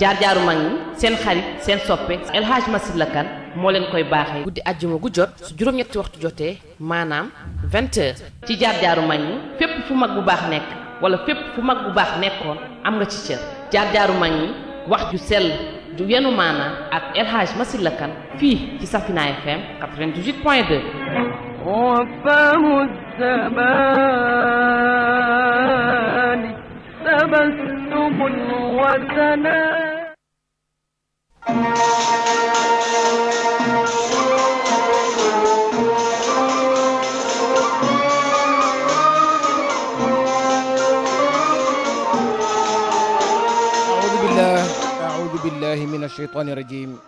jaar-jaaru mag ñi seen xarit seen soppe El Hadj Massila kan moo leen koy baaxee guddi àjjuma gu jot su juróom-ñetti waxtu jotee maanaam 20 ci jaar-jaaru mag ñi fépp fu mag bu baax nekk wala fépp fu mag bu baax nekkoon am nga ci cër jaar-jaaru mag ñi wax ju sell ju yenu maanaa ak El Hadj Massila kan fii ci Safina FM 98.2 تبسم أعوذ بالله من الشيطان الرجيم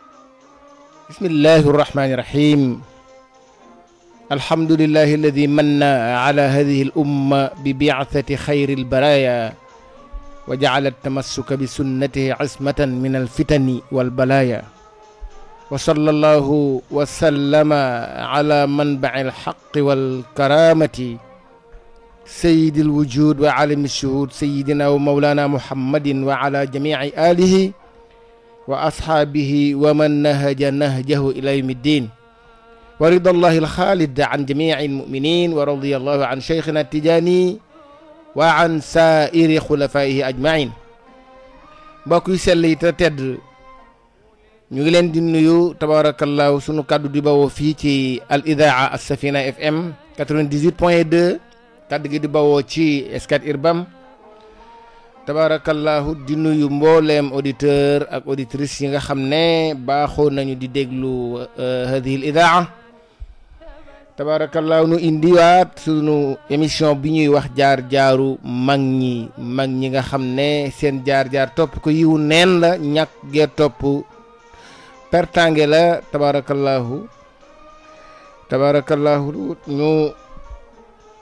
بسم الله الرحمن الرحيم الحمد لله الذي من على هذه الأمة ببعثة خير البرايا وجعل التمسك بسنته عصمة من الفتن والبلايا وصلى الله وسلم على منبع الحق والكرامة سيد الوجود وعالم الشهود سيدنا ومولانا محمد وعلى جميع آله وأصحابه ومن نهج نهجه إلى يوم الدين ورضى الله الخالد عن جميع المؤمنين ورضي الله عن شيخنا التجاني وعن سائر خلفائه اجمعين باكو سلي تتد نيغي لين دي نيو تبارك الله سونو كادو دي باو في تي الاذاعه السفينه اف ام 98.2 كاد دي باو تي اس اربام تبارك الله دي نيو مبولم اوديتور اك اوديتريس ييغا خامني باخو نانيو دي ديغلو آه، هذه الاذاعه tabaarakallaahu nu indiwaat sunu émission bi ñuy wax jaar jaaru mag ñi mag ñi nga xam ne seen jaar jaar topp ko yiwu neen la ñàkk gee topp pertange la tabaarakallaahu tabaarakallaahu ñu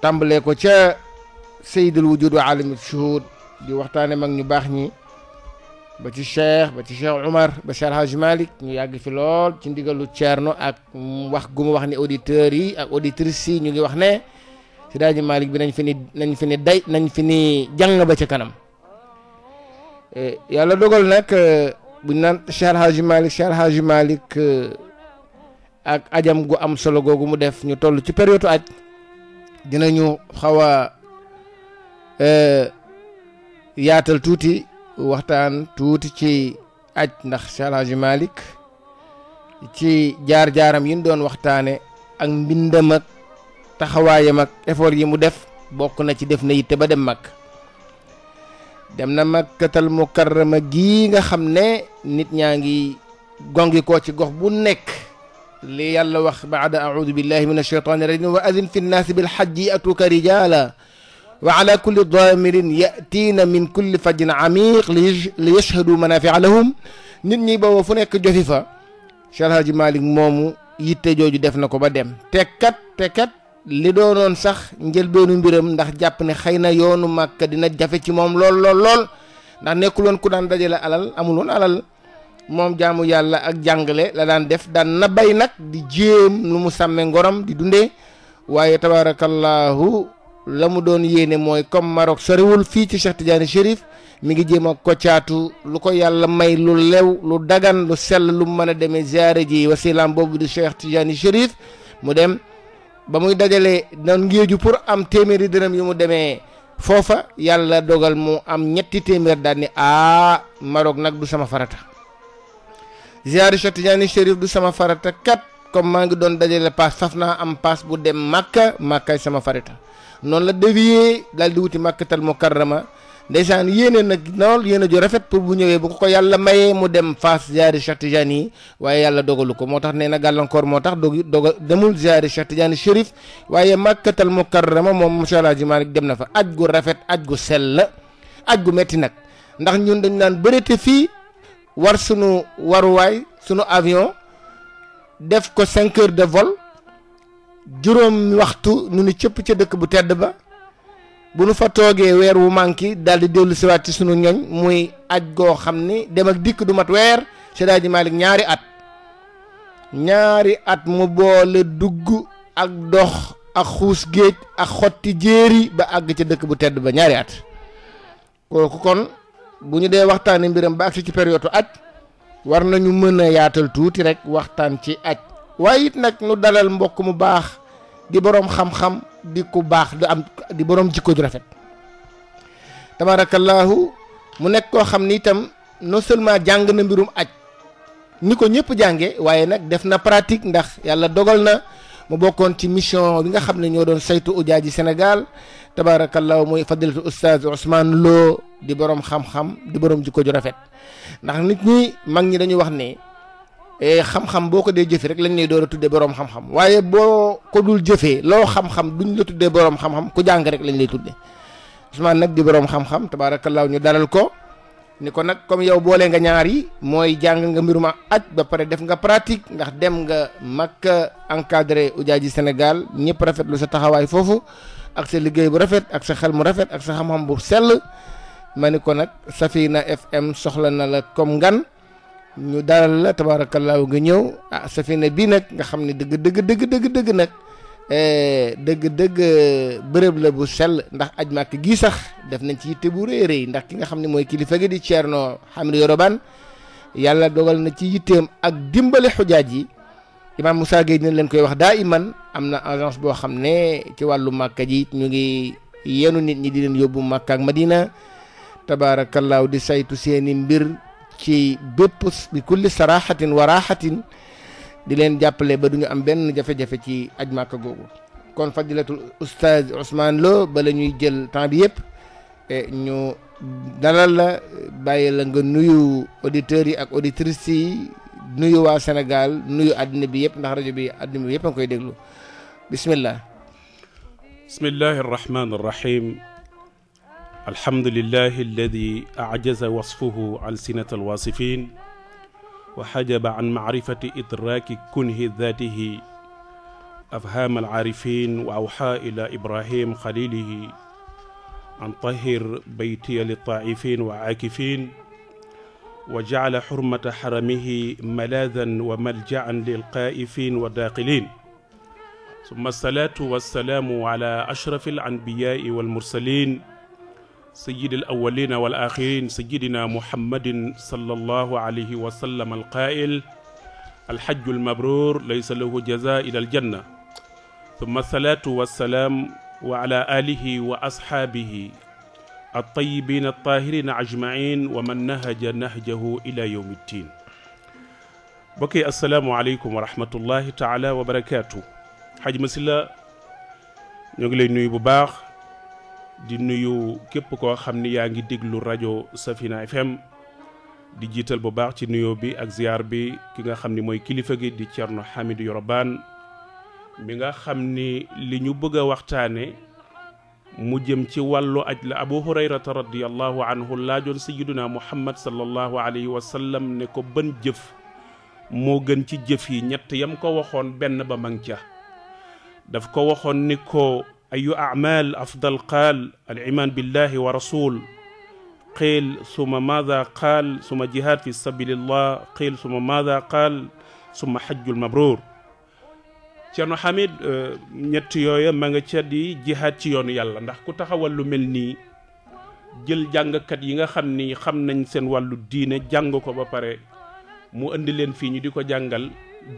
tàmbalee ko ca sayyidul wujud wa alimul di waxtaane mag ñu baax ñi ba ci cheikh ba ci cheikh Umar ba cheikh Haj Malick ñu yàgg fi lool ci ndigalu Thierno ak wax gu mu wax ni auditeurs yi ak auditrices yi ñu ngi wax ne si daaji Malick bi nañ fi ni nañ fi ni day nañ fi ni jàng ba ci kanam e, yàlla dogal nag e, buñ naan cheikh Haj Malick cheikh Haj Malick e, ak ajam gu am solo googu mu def ñu toll ci période aj dinañu xaw a yaatal tuuti. waxtaan tuuti ci aj ndax Cheikh El ci jaar-jaaram yi doon waxtaane ak mbindam ak taxawaayam ak effort yi mu def bokk na ci def na yitte ba dem mag dem na makkatal mukarrama gii nga xam ne nit ñaa ngi gongi koo ci gox bu nekk li yàlla wax baada audu billahi min ashaytani rajim wa adin fi nnaasi bilxajji atuka rijala wa ala kulli daamirin yatiina min kulli fajin amiq li yashhadu manafia lahum nit ñi booba fu nekk jofi fa Cheikh Alhaji moomu yitte jooju def na ko ba dem te kat li kat li doonoon sax njëlbeenu mbiram ndax jàpp ne xëy na yoonu màkka dina jafe ci moom lool lool lool ndax nekkul woon ku daan dajale alal amul woon alal moom jaamu yàlla ak jàngale la daan def daan na bay nag di jéem lu mu sàmme ngorom di dundee waaye tabaarakallaahu la mu doon yéene mooy comme Maroc soriwul fii ci Cheikh Tidiane Chérif mi ngi jéem a koccaatu lu ko yàlla may lu lew lu dagan lu sell lu mën a demee ziare ji wasilaam boobu di Cheikh Tidiane Chérif mu dem ba muy dajale nan ngéeju pour am téeméeri dërëm yu mu demee foofa yàlla dogal mu am ñetti téeméer daani ni aa ah, nag du sama farata ziare Cheikh Tidiane Chérif du sama farata kat comme maa ngi doon dajale paas faf naa am paas bu dem Makka Makkaay sama farata noonu la dévier daal di wuti màkkatal mukarrama ndeysaan yéene nag lool yéene ju rafet pour bu ñëwee bu ko ko yàlla mayee mu dem Fass ziyaari Cheikh Tidiane yi waaye yàlla dogalu ko moo tax nee na gàllankoor moo tax dog doga demul ziyaari Cheikh Tidiane Chérif waaye màkkatal mukarrama moom monsieur El Hadji Malick dem na fa aj gu rafet aj gu sell aj gu metti nag ndax ñun dañ naan bëreete fii war sunu waruwaay sunu avion def ko cinq heures de vol juróom waxtu nu ni cëpp ca dëkk bu tedd ba bu nu fa toogee weer wu manki dal di dellu siwaat ci sunu ñoñ muy aj goo xam ni dem ak dikk du mat weer Seydi malik ñaari at ñaari at mu boole dugg ak dox ak xuus géej ak xotti jéeri ba àgg ca dëkk bu tedd ba ñaari at kooku kon bu ñu dee mbiram ba agsi ci période aj war nañu mën a yaatal tuuti rek waxtaan ci aj waaye it nag nu dalal mbokk mu baax di boroom xam-xam di ku baax du am di boroom jikko ju rafet tabaarakallaahu mu nekk koo xam ni itam non seulement jàng na mbirum aj ni ko ñëpp jànge waaye nag def na pratique ndax yàlla dogal na mu bokkoon ci mission bi nga xam ne ñoo doon saytu ujaaji Sénégal tabaarakallaahu muy fadilatu oustaz Ousmane Lo di boroom xam-xam di boroom jikko ju rafet ndax nit ñi mag ñi dañuy wax nii Eh, xam-xam boko de dee rek lañ lay doora tuddé borom xam-xam wayé bo ko dul jëfé lo xam-xam duñ la tuddé borom xam-xam ku jang rek lañ lay tuddé usman nak di borom xam-xam tabarakallah ñu dalal ko ni ko nag comme yow boole nga ñaar yi moy jang nga mbiruma acc ba paré def nga pratique ndax dem nga Makka encadré Ujaaji Sénégal ñëpp lu sa taxaway fofu ak sa liggéey bu rafet ak sa xel mu rafet ak sa xam-xam bu sel ma Safina FM soxla na la comme ngan ñu dalal la tabaarakallaahu nga ñëw ah safina bii nag nga xam ne dëgg dëgg dëgg dëgg dëgg nag eh, dëgg dëgg bërëb la bu sell ndax aj màkk gii sax def nañ ci yitte bu rëy rëy ndax ki nga xam ne mooy kilifa gi di Thierno Hamidou Yoroban yàlla dogal na ci yitteem ak dimbale xujaaj yi imaam Moussa Gueye dina leen koy wax daa iman am na agence boo xam ne ci wàllu màkka ji ñu ngi yenu nit ñi di leen yóbbu màkka ak madina tabaarakallaahu di saytu seeni mbir ci bépp bi kulli saraxatin wa raxatin di leen jàppale ba du ñu am benn jafe-jafe ci aj màkka googu kon fadilatul oustaz Ousmane Lo ba la ñuy jël temps bi yëpp eh, ñu dalal la bàyyi la nga nuyu auditeurs yi ak auditrices yi nuyu waa Sénégal nuyu àddina bi yëpp ndax rajo bi àddina bi yëpp a koy déglu bismillah bismillahi arrahmani arrahim الحمد لله الذي أعجز وصفه ألسنة الواصفين وحجب عن معرفة إدراك كنه ذاته أفهام العارفين وأوحى إلى إبراهيم خليله أن طهر بيتي للطائفين والعاكفين وجعل حرمة حرمه ملاذا وملجعا للقائفين والداقلين ثم الصلاة والسلام على أشرف الأنبياء والمرسلين سيد الأولين والآخرين سيدنا محمد صلى الله عليه وسلم القائل الحج المبرور ليس له جزاء إلى الجنة ثم الصلاة والسلام وعلى آله وأصحابه الطيبين الطاهرين أجمعين ومن نهج نهجه إلى يوم الدين بكي السلام عليكم ورحمة الله تعالى وبركاته حج مسلا نقول ngi lay nuyu di nuyu képp koo xam ni yaa ngi déglu rajo Safina FM di jiital bu baax ci nuyoo bi ak ziar bi ki nga xam ni mooy kilifa gi di Thierno Hamidou Yoroban mi nga xam ni li ñu bëgg a waxtaane mu jëm ci wàllu aj la Abu Hurayrata radiyallahu anhu laajoon sayyiduna Muhammad sallallahu alayhi wa sallam ne ko bën jëf moo gën ci jëf yi ñett yam ko waxoon benn ba mang ca daf ko waxoon ni ko أي أعمال أفضل قال الإيمان بالله ورسول قيل ثم ماذا قال ثم جهاد في سبيل الله قيل ثم ماذا قال ثم حج المبرور Ceerno Hamid ñett yooya ma nga ca di jihaad ci yoonu yàlla ndax ku taxawal lu mel nii jël jàngkat yi nga xam ni xam nañ seen wàllu diine jàng ko ba pare mu indi leen fii ñu di ko jàngal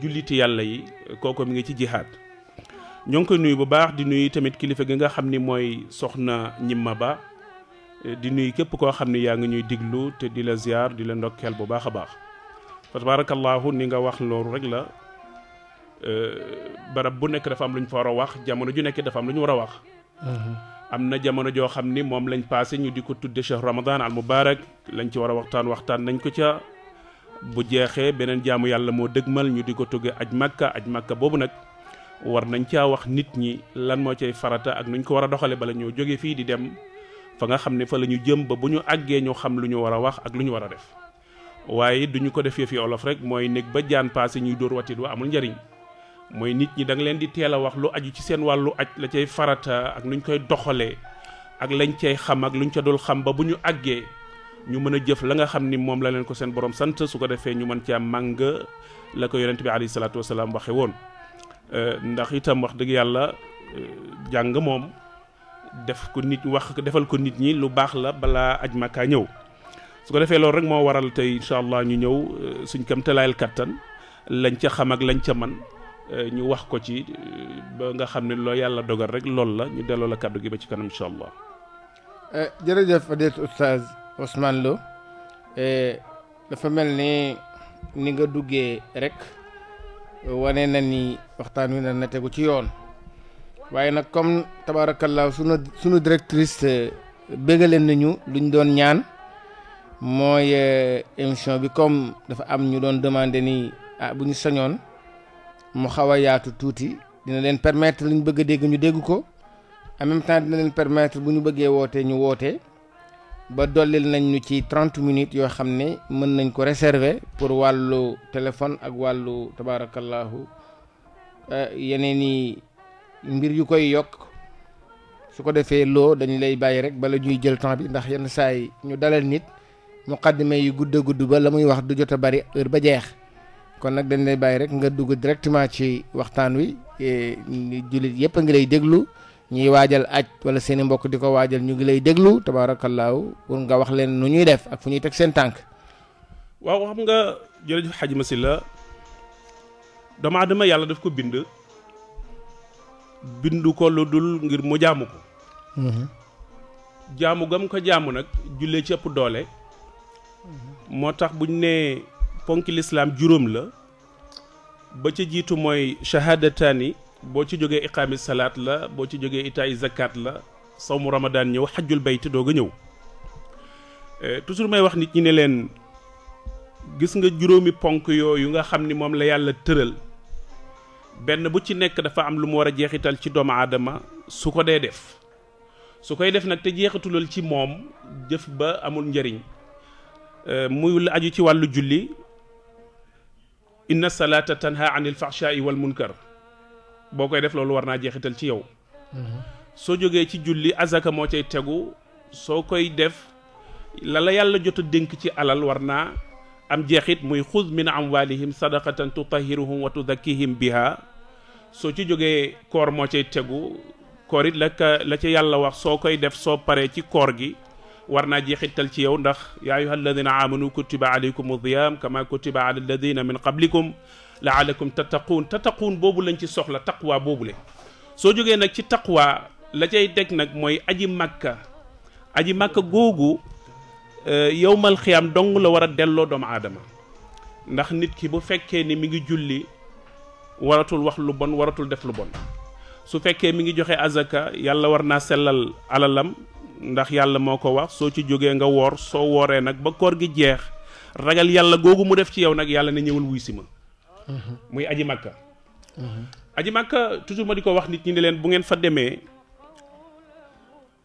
julliti yàlla yi kooku mi ngi ci jihaad ñoo ngi koy nuyu bu baax di nuyu tamit kilifa gi nga xam ni mooy soxna ñimma ba eh, di nuyu képp koo xam ni yaa ngi ñuy diglu te di la ziar di la ndokkeel bu baax a baax fa tabaarakallaahu ni nga wax loolu rek la eh, barab bu nekk dafa am lu ñu fa war a wax jamono ju nekk dafa am lu ñu war a wax mm-hmm. am na jamono joo xam ni moom lañ passé ñu di ko tudde cheikh ramadan al mubarak lañ ci war a waxtaan waxtaan nañ ko ca bu jeexee beneen jaamu yàlla moo dëgmal ñu di ko tugge aj makka aj makka boobu nag war nañ caa wax nit ñi lan moo cay farata ak nuñ ko war a doxalee bala ñoo jóge fii di dem fa nga xam ne fa la ñu jëm ba bu ñu àggee ñu xam lu ñu war a wax ak lu ñu war a def waaye duñu ko defee fi olof rek mooy néeg ba jaan paase ñuy dóor watit wa amul njariñ mooy nit ñi da leen di teel a wax lu aju ci seen wàllu aj la cay farata ak nuñ koy doxalee ak lañ cay xam ak luñ ca dul xam ba bu ñu àggee ñu mën a jëf la nga xam ni moom la leen ko seen borom sant su ko defee ñu mën caa màng la ko yonent bi alayhi salaatu wasalaam waxe woon Euh, ndax itam wax dëgg yàlla euh, jàng moom def ko nit wax defal ko nit ñi lu baax la balaa aj makka ñëw su ko defee loolu rek moo waral tey incha allah ñu ñëw euh, suñ kam talaayal kattan lañ ca xam ak lañ ca man ñu wax ko ci ba nga xam ne loo yàlla dogal rek loolu la ñu delloo la kàddu gi ba ci kanam incha allah. jërëjëf Fadilatu Oustaz Ousmane Lo dafa mel ni ni nga duggee rek. wane na ni waxtaan wi na tegu ci yoon waaye nag comme tabaarakallaa sunu sunu directrice eh, bégaleen nañu luñ doon ñaan mooy eh, émission bi comme dafa am ñu doon demander ni ah bu ñu sañoon mu xaw a yaatu tuuti dina leen permettre luñ bëgg a dégg ñu dégg ko en même temps dina leen permettre bu ñu bëggee wootee ñu wootee ba dollil nañ ñu ci trente minutes yoo xam ne mën nañ ko réserver pour wàllu téléphone ak wàllu tabaarakallahu eh, yeneen i mbir yu koy yokk su ko defee loo dañu lay bàyyi rek bala ñuy jël temps bi ndax yenn saa yi ñu dalal nit muqaddima yu gudd a gudd ba la muy wax du jot a bari heure ba jeex kon nag dañ lay bàyyi rek nga dugg directement ci waxtaan wi eh, jullit yëpp a ngi lay déglu ñuy waajal aj wala seeni mbokk di ko waajal ñu ngi lay déglu tabaarakallaahu pour nga wax leen lu ñuy def ak fu ñuy teg seen tànk. waaw xam nga jërëjëf xaj si la doomu aadama yàlla def ko bind. bindu ko lu dul ngir mu jàmm ko. Mhm. jaamu gam ko jaamu nag jullee ci ëpp doole. moo tax buñ nee ponki lislaam juróom la. ba ca jiitu mooy shahadataani bo ci joge iqaami salat la bo ci joge itay zakat la sawmu ramadan ñëw hajjul bayt doog a ñëw toujours may wax nit ñi ne len gis nga juróomi ponk yo yu nga xamni mom la yàlla teurel ben bu ci nek dafa am lu mo wara jeexital ci doom adama su ko de def su koy def nak te jeexatulal ci mom def ba amul njariñ muy la aju ci walu julli inna salaata tanha anil fahshaai wal munkar bokoy def lolou warna naa jeexital ci yow so joge ci julli azaka mo cey teggu so koy def la la yàlla jotu dénk ci alal warna am jeexit muy khudh min amwalihim sadaqatan tutahhiruhum wa tuzakkihim biha so ci joge kor mo cey teggu korit it la ka la yàlla wax so koy def so pare ci kor gi warna naa ci yow ndax ya ayyuhalladhina amanu kutiba alaykum adiyam kama kutiba ala alladina min qablikum laalakum tattaquun tattaquun boobu lañ ci soxla taqwa boobule soo jógee nag ci taqwa la cay teg nag mooy aji màkka aji màkka googu yowmal xiyaam dong la war a delloo doomu aadama ndax nit ki bu fekkee ni mi ngi julli waratul wax lu bon waratul def lu bon su fekkee mi ngi joxe azaka yàlla war naa sellal alalam ndax yàlla moo ko wax soo ci jógee nga woor soo wooree nag ba koor gi jeex ragal yàlla googu mu def ci yow nag yàlla ne ñëwal wuy si ma muy aji màkka mhm. aji màkka toujours ma di ko wax nit ñi ne leen bu ngeen fa demee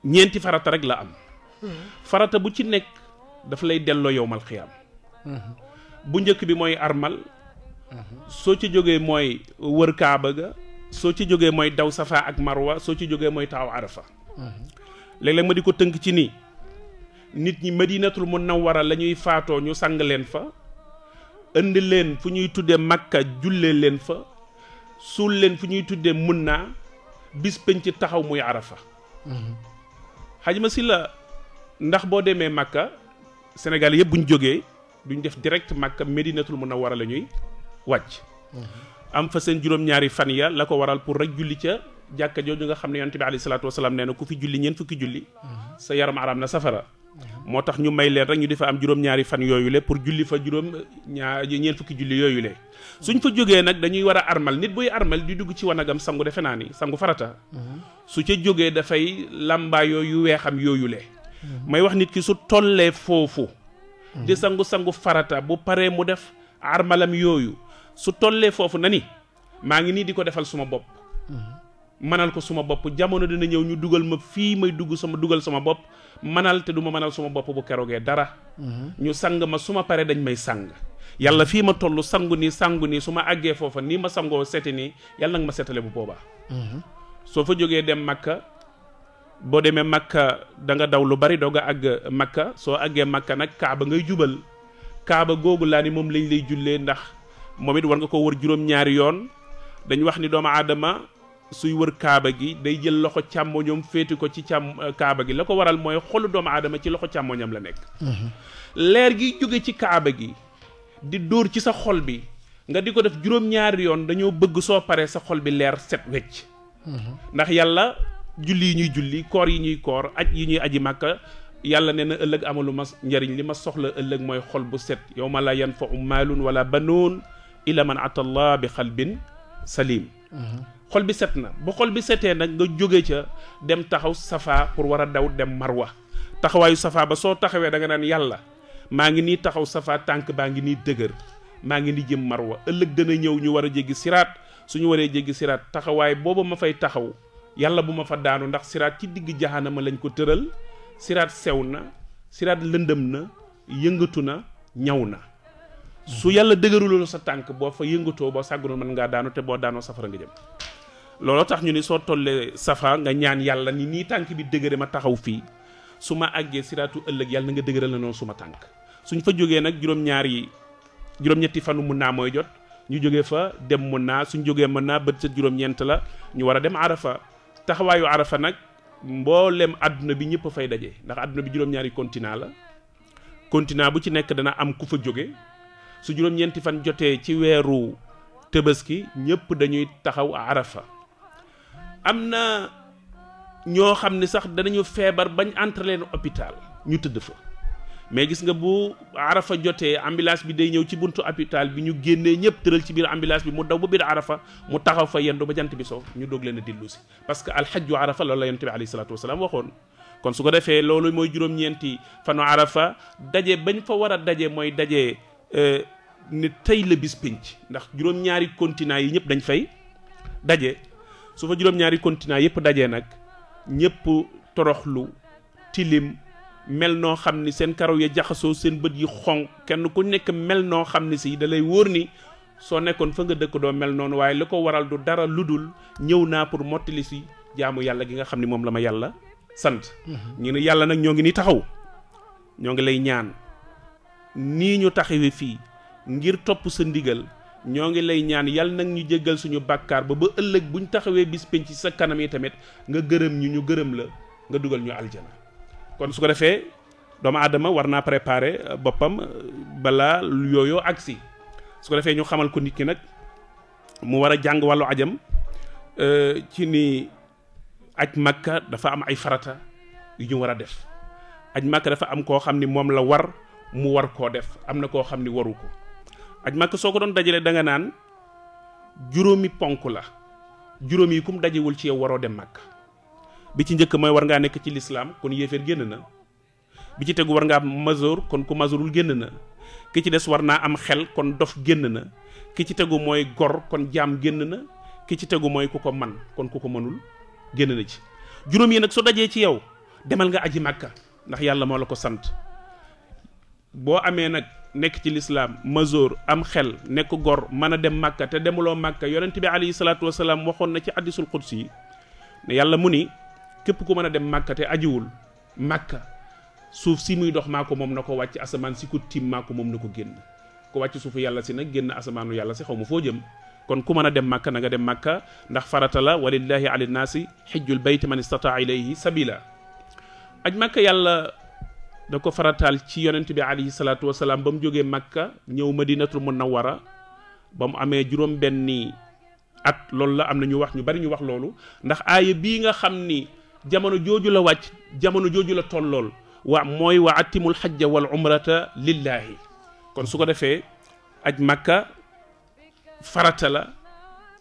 ñeenti farata rek la am mhm. farata bu ci nekk daf lay delloo yowmal xiyaam mhm. bu njëkk bi mooy armal soo ci jógee mooy wër kaaba ga soo ci jógee mooy daw safa ak marwa soo ci jógee mooy taaw arafa léeg-léeg ma di ko tënk ci nii nit ñi madinatul munawwara la ñuy faatoo ñu sang leen fa indi leen fu ñuy tuddee makka jullee leen fa suul leen fu ñuy tuddee mun naa bis penc taxaw muy arafa xajma si la ndax boo demee makka sénégal yëpp buñ jógee duñ def direct makka médinatul munawwara la ñuy wàcc am fa seen juróom-ñaari fan ya la ko waral pour rek julli ca jàkka jooju nga xam ne yonent bi alayhi salaatu wasalaam nee na ku fi julli ñeent fukki julli sa yaram araam na safara moo tax ñu may leen rek ñu di am juróom-ñaari fan yooyu le pour julli fa juróom ñaar ñeen fukki julli yooyu le suñ fa jógee nag dañuy war a armal nit buy armal di dugg ci wanagam sangu defe naa ni sangu farata mm-hmm. su ca jógee dafay làmbaayoo yu weexam yooyu le mm-hmm. may wax nit ki su tollee foofu mm-hmm. di sangu-sangu farata bu paree mu def armalam yooyu su tollee foofu na ni maa ngi nii di ko defal suma bopp manal ko suma bop jamono dina ñew ñu dugal ma fi may dugg sama dugal sama bop manal te duma manal suma bop bu kerogee dara mhm. ñu sang ma suma pare dañ may sang yalla fi ma tollu sangu ni sangu ni suma agge àggee ni ma sango seti ni yalla ma setale bu boba mhm. so fa joge dem makka bo demé makka da nga daw lu bari doga a àgg makka so agge makka nak kaaba ngay jubal kaaba googu la ni mom lañ lay jullee ndax momit war nga ko wër ñaari yoon dañ wax ni adama suy wër kaaba gi day jël loxo càmmoñam féeti ko ci càmm euh, kaaba gi la ko waral mooy xolu doomu aadama ci loxo càmmoñam la nekk mhm. leer gi jóge ci kaaba gi di dóor ci sa xol bi nga di ko def juróom-ñaari yoon dañoo bëgg soo paree sa xol bi leer set wecc mhm. ndax yàlla julli yi ñuy julli koor yi ñuy koor aj yi ñuy aji màkka yàlla nee na ëllëg amalu ma njariñ li ma soxla ëllëg mooy xol bu set yow ma la yan fa u maalun wala banoon ila man atallah bi xalbin salim mhm. xol bi set na bu xol bi setee nag nga jóge ca dem taxaw safa pour war a daw dem marwa taxawaayu safa ba soo taxawee da nga naan yàlla maa ngi nii taxaw safa tànk baa ngi nii dëgër maa ngi ni jëm marwa ëllëg dana ñëw ñu war a jéggi siraat su ñu waree jéggi siraat taxawaay booba ma fay taxaw yàlla bu ma fa daanu ndax siraat ci digg jahanama lañ ko tëral siraat sew na siraat lëndëm na yëngatu na ñaw na su yàlla dëgëruloo sa tànk boo fa yëngatoo boo sàggunoo mën ngaa daanu te boo daanoo safara nga jëm looloo tax ñu ni soo tollee safa nga ñaan yàlla ni nii tànk bi dëgëre ma taxaw fii su ma àggee siraatu ëllëg yàlla nga dëgëral na noonu suma tànk suñ fa jógee nag juróom-ñaar yi juróom-ñetti fanu mun naa mooy jot ñu jógee fa dem mun naa suñ jógee mën naa bët sa juróom-ñeent la ñu war a dem arafa taxawaayu arafa nag mboolem àdduna bi ñëpp fay daje ndax àdduna bi juróom-ñaari continent la continent bu ci nekk dana am ku fa jóge su juróom-ñeenti fan jotee ci weeru tëbaski ñëpp dañuy taxaw arafa am na ñoo xam ni sax danañu feebar bañ entre leen hôpital ñu tëdd fa mais gis nga bu arafa jotee ambulance bi day ñëw ci buntu hôpital bi ñu génnee ñëpp tëral ci biir ambulance bi mu daw ba biir arafa mu taxaw fa yendu ba jant bi soo ñu doog leen a dillu si parce que alxajju arafa loolu la yonent bi alayhi salaatu wasalaam waxoon kon su ko defee loolu mooy juróom-ñeenti fanu arafa daje bañ fa war a daje mooy daje euh, ne tey la bis pinc ndax juróom-ñaari continent yi ñëpp dañ fay daje su fa juróom-ñaari continent yépp dajee nag ñépp toroxlu tilim mel noo xam ni seen karaw ya jaxasoo seen bët yi xonq kenn ku nekk mel noo xam ni si da lay wóor ni soo nekkoon fa nga dëkk doo mel noonu waaye li ko waral du dara lu dul ñëw naa pour mottali si jaamu yàlla gi nga xam ni moom la ma yàlla sant mhm. ñu ne yàlla nag ñoo ngi ni taxaw ñoo ngi lay ñaan nii ñu taxawee fii ngir topp sa ndigal ñoo ngi lay ñaan yal nag ñu jéggal suñu bàkkaar ba ba ëllëg buñ taxawee bis penc ci sa kanam yi tamit nga gërëm ñu ñu gërëm la nga dugal ñu aljana kon su ko defee doomu aadama war naa préparer euh, boppam euh, balaa yooyu agsi su ko defee ñu xamal ko nit ki nag mu war a jàng wàllu ajam euh, ci ni aj makka dafa am ay farata yu ñu war a def aj makka dafa am koo xam ni moom la war mu war koo def am na koo xam ni waru ko aj màkk soo ko doon dajalee da nga naan juróomi ponk la juróom yi kum dajewul ci yow waroo dem màkk bi ci njëkk mooy war ngaa nekk ci lislaam kon yéeféer génn na bi ci tegu war ngaa masoor kon ku masoorul génn na ki ci des war naa am xel kon dof génn na ki ci tegu mooy gor kon jaam génn na ki ci tegu mooy ku ko man kon ku ko mënul génn na ci juróom yi nag su dajee ci yow demal nga aji màkka ndax yàlla moo la ko sant boo amee nag nek ci l'islam masoor am xel nek gor mana dem màkka te demulo màkka yaronte bi ali salaatu wasalaam waxon na ci hadithul qudsi ne yàlla muni kep ku mana a dem màkka te ajiwul màkka suuf si muy dox mako mom nako wàcc asaman si ku tim mako mom nako génn ko wàcc suufu yàlla si nak génn asamanu yàlla si xawmu fo jëm kon ku mana a dem màkka nga dem màkka ndax farata la walillahi ala nnaasi xijjul bayt man istata ilayhi sabila aj màkka yàlla da ko farataal ci yonent bi alayhi salaatu wasalaam ba mu jógee makka ñëw madinatul munawwara ba mu amee juróom benni at loolu la am na ñu wax ñu bari ñu wax loolu ndax aaya bii nga xam ni jamono jooju la wàcc jamono jooju la tollool wa mooy wa atimul xajja wal umrata lillahi kon su ko defee aj makka farata la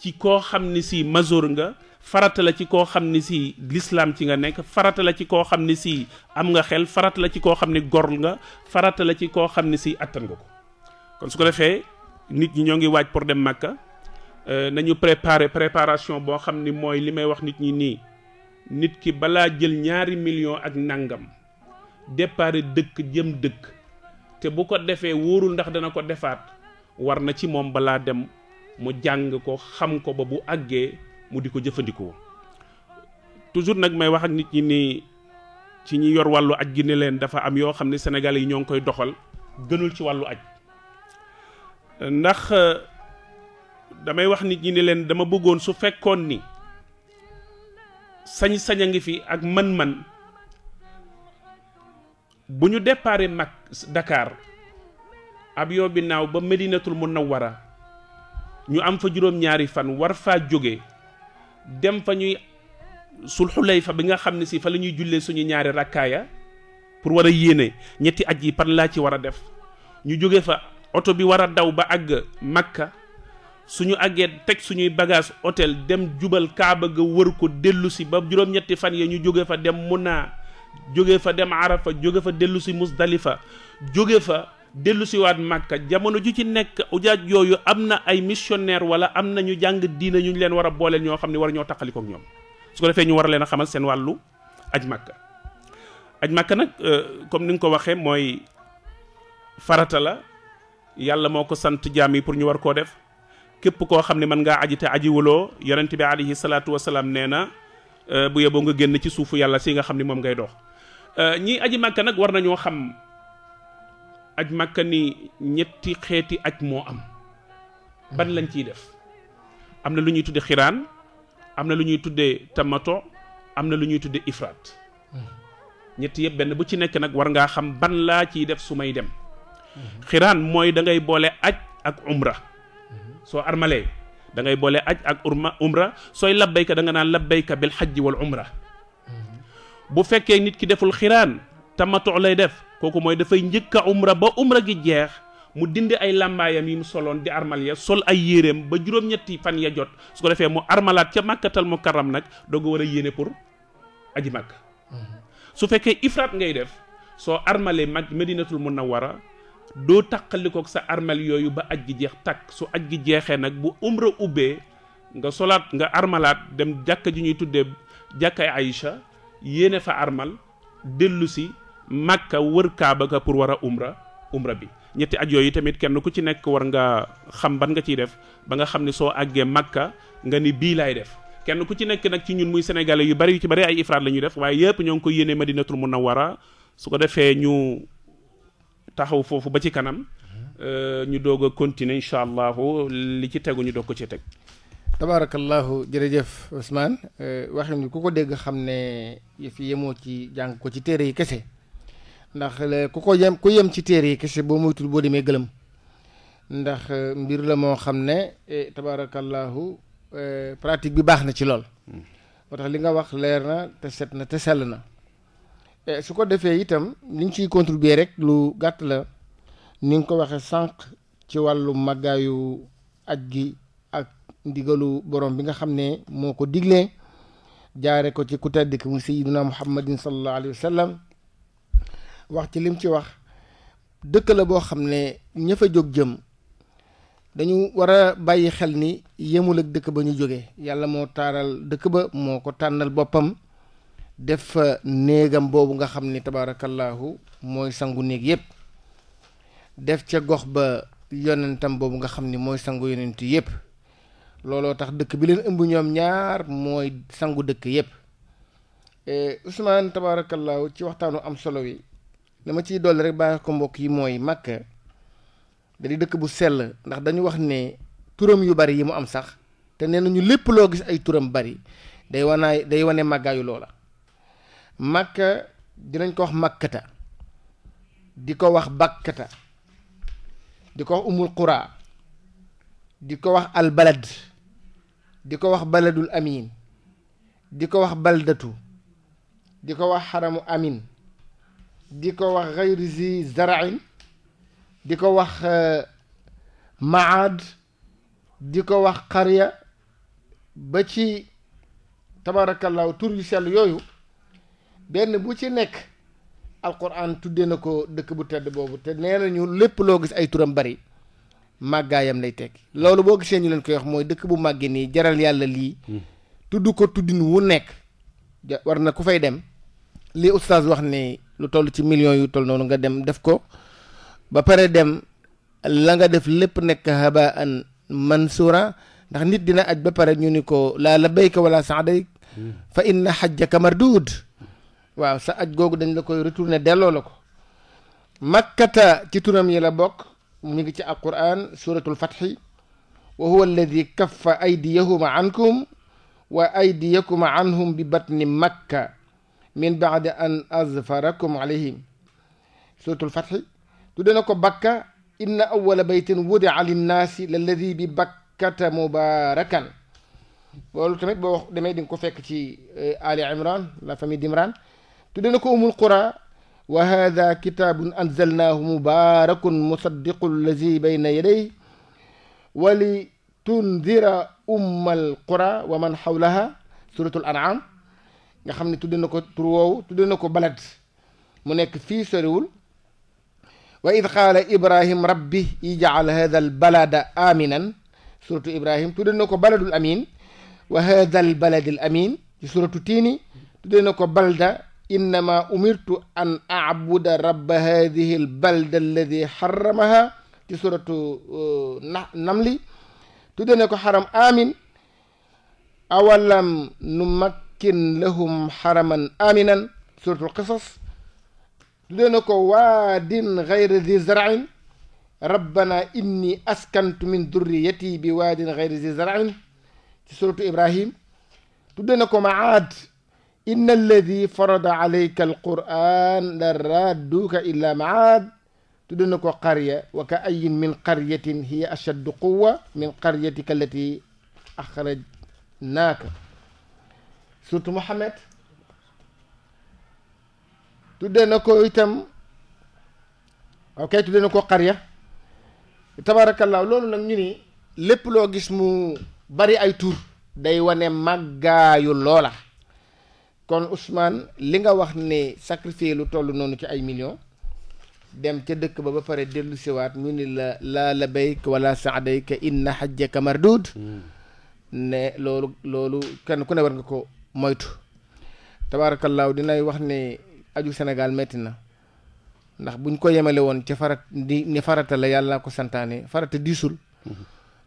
ci koo xam ni si masoor nga farata la ci koo xam ni si lislaam ci nga nekk farata la ci koo xam ni sii am nga xel farata la ci koo xam ni gor nga farata la ci koo xam ni si attan nga ko kon su ko defee nit ñi ñoo ngi waaj pour dem Makka euh, nañu préparer préparation boo xam ni mooy li may wax nit ñi nii nit ki balaa jël ñaari million ak nangam départ dëkk jëm dëkk te bu ko defee wóorul ndax dana ko defaat war na ci moom balaa dem mu jàng ko xam ko ba bu àggee mu di ko jëfandikoo toujours nag may wax ak nit ñi nii ci ñi yor wàllu aj gi ne leen dafa am yoo xam ne senegal yi ñoo ngi koy doxal gënul ci wàllu aj ndax euh, damay wax nit ñi ni leen dama bëggoon su fekkoon ni sañ-sañ a ngi fi ak man-man bu ñu déparé mag Dakar avion bi naaw ba Medinatul Munawwara ñu am fa juróom-ñaari fan war faa jóge dem fa ñuy sulxulay fa bi nga xam ne si fa la ñuy jullee suñu ñaari rakkaaya pour war a yéene ñetti aj yi pan laa ci war a def ñu jóge fa oto bi war a daw ba àgg makka suñu àggee teg suñuy bagage hôtel dem jubal kaaba ga wër ko dellu si ba juróom-ñetti fan ya ñu jóge fa dem munaa jóge fa dem arafa jóge fa dellu si musdalifa jóge fa dellu siwaat màkka jamono ju ci nekk ujaaj yooyu am na ay missionnaire wala am na ñu jàng diina ñu leen war a booleel ñoo xam ne war ñoo taqalikook ñoom su ko defee ñu war a leen a xamal seen wàllu aj màkka aj màkka nag euh, comme ni nga ko waxee mooy farata la yàlla moo ko sant jaam yi pour ñu war koo def képp koo xam ne mën ngaa aji te ajiwuloo wuloo yonent bi alayhi salaatu wasalaam nee na euh, bu yeboo nga génn ci suufu yàlla si nga xam ne moom ngay dox euh, ñi aji màkka nag war nañoo xam aj màkka ni ñetti xeeti aj moo am ban lañ ciy def am na lu ñuy tudde xiraan am na lu ñuy tudde tamato am na lu ñuy tudde ifraat ñetti yëpp benn bu ci nekk nag war ngaa xam ban laa ciy def su may dem xiraan mooy dangay boole aj ak umra soo armalee dangay boole aj ak urma umra sooy labbayka da nga naan labbayka bil xajji wal umra bu fekkee nit ki deful xiraan tamato lay def kooku mooy dafay njëkk a umra ba umra gi jeex mu dindi ay làmbaayam yi mu soloon di armal ya sol ay yéreem ba juróom-ñetti fan ya jot su ko defee mu armalaat ca màkkatal mu karam nag doog war a yéene pour aji màkk su fekkee ifraat ngay def soo armalee mag medinatul munawwara doo taqalikook sa armal yooyu ba aj gi jeex takk su aj gi jeexee nag bu umra ubbee nga solaat nga armalaat dem jàkka ji ñuy tuddee jàkkaay Aïcha yéene fa armal dellu si makka wër kaaba ga pour war a umra umra bi ñetti aj yi tamit kenn ku ci nekk war nga xam ban nga ciy def ba nga xam ne soo àggee màkka nga ni bii laay def kenn ku ci nekk nag ci ñun muy sénégalais yu bari yu ci bari ay ifraat la ñuy def waaye yëpp ñoo ngi ko yéene madinatul munawwara su ko defee ñu taxaw foofu ba ci kanam euh, ñu doog a continuer incha allahu li ci tegu ñu doog ko ci teg tabaarakallaahu jërëjëf Ousmane euh, waxin ku ko dégg xam ne yëf yemoo ci jàng ko ci téere yi kese ndax eh, ku ko yem ku yem ci téere yi kese boo moytul boo demee gëlëm ndax eh, mbir la moo xam ne eh, tabaarakallaahu pratique bi baax na ci lool moo tax li nga wax leer na te set na te sell na su ko defee itam li ñu ciy contribuer rek lu gàtt la ni nga ko waxee sànq ci wàllu màggaayu aj gi ak ndigalu borom bi nga xam ne moo ko diglee jaare ko ci ku tedd ki mu sayyiduna muhammadin sallallahu alayhi wa sallam wax ci lim ci wax dëkk la boo xam ne ña jóg jëm dañu war a bàyyi xel ni yemul ak dëkk ba ñu jógee yàlla moo taaral dëkk ba moo ko tànnal boppam def fa néegam boobu nga xam ni tabaarakallaahu mooy sangu néeg yépp def ca gox ba yonentam boobu nga xam ni mooy sangu yonent yépp looloo tax dëkk bi leen ëmb ñoom ñaar mooy sangu dëkk yépp eh, Ousmane tabaarakallaahu ci waxtaanu am solo wi dama ciy dolli rek baax ko mbokk yi mooy Makka da dëkk bu sell ndax dañu wax ne turam yu bari yi mu am sax te ne nañu lépp loo gis ay turam bari day wanaay day wane màggaayu loola Makka dinañ ko wax Makkata di ko wax Bakkata di ko wax Umul Qura di ko wax Al di ko wax Baladul Amin di ko wax Baldatu di ko wax Xaramu Amin di ko wax xayri zi di ko wax euh, maad di ko wax xarya ba ci tabaarakallaahu tur yu sell yooyu benn bu ci nekk alquran tuddee na ko dëkk bu tedd boobu te nee nañu lépp loo gis ay turam bari màggaayam lay tekki loolu boo gisee ñu leen koy wax mooy dëkk bu màgge nii jaral yàlla lii hmm. tudd ko tuddin wu nekk war na ku fay dem li oustaz wax ne lu toll ci millions yu toll noonu nga dem def ko ba pare dem la nga def lépp nekk haba an mansura ndax nit dina aj ba pare ñu ni ko laa labayka wala sa'dayk fa inna hajjaka mardud waaw sa aj googu dañ la koy retourné delloo la ko makkata ci turam yi la bokk mu ngi ci alquran suratul fathi wa huwa alladi kaffa aydiyahuma ankum wa aydiyakum anhum bi batni makka من بعد أن أزفركم عليهم سورة الفتح تدنكم بكة إن أول بيت ودع للناس الذي ببكة مباركا بقول تمت بوخ دمي دين كوفيك تي آه، آل عمران لا فمي ديمران تدنكم أم القرى وهذا كتاب أنزلناه مبارك مصدق الذي بين يديه ولتنذر أم القرى ومن حولها سورة الأنعام nga xam ne tudde na ko tur woowu tudde na ko balad mu nekk fii soriwul wa id qaala ibrahim rabbi ijaal hada al balada aminan suratu ibrahim tudde na ko baladul amin wa hada al baladi al amin ci suratu tiini tudde na ko balda innama umirtu an abuda rabba hadihi al balda alladi xaramaha ci suratu uh, namli tudde na ko xaram amin awalam nu mat مكن لهم حرما آمنا سورة القصص لنك واد غير ذي زرع ربنا إني أسكنت من ذريتي بواد غير ذي زرع سورة إبراهيم تدنكو معاد إن الذي فرض عليك القرآن لرادوك إلا معاد تدنكو قرية وكأي من قرية هي أشد قوة من قريتك التي أخرجناك surtout Mohamed tuddee na ko itam ok tuddee na ko xarya tabaarakallaa loolu nag ñu ni lépp loo gis mu bari ay tur day wane màggaayu loola kon usman li nga wax ni sacrifier lu toll noonu ci ay million dem ca dëkk ba ba pare dellu siwaat ñu ni la laa walla wala saadayka inna xajjaka mardud hmm. ne loolu loolu kenn ku ne war nga ko moytu tabaarakallaahu dinay wax ne aju senegal metti na ndax buñ ko yemale woon ci farat di ni farata la yàlla ko santaane farata diisul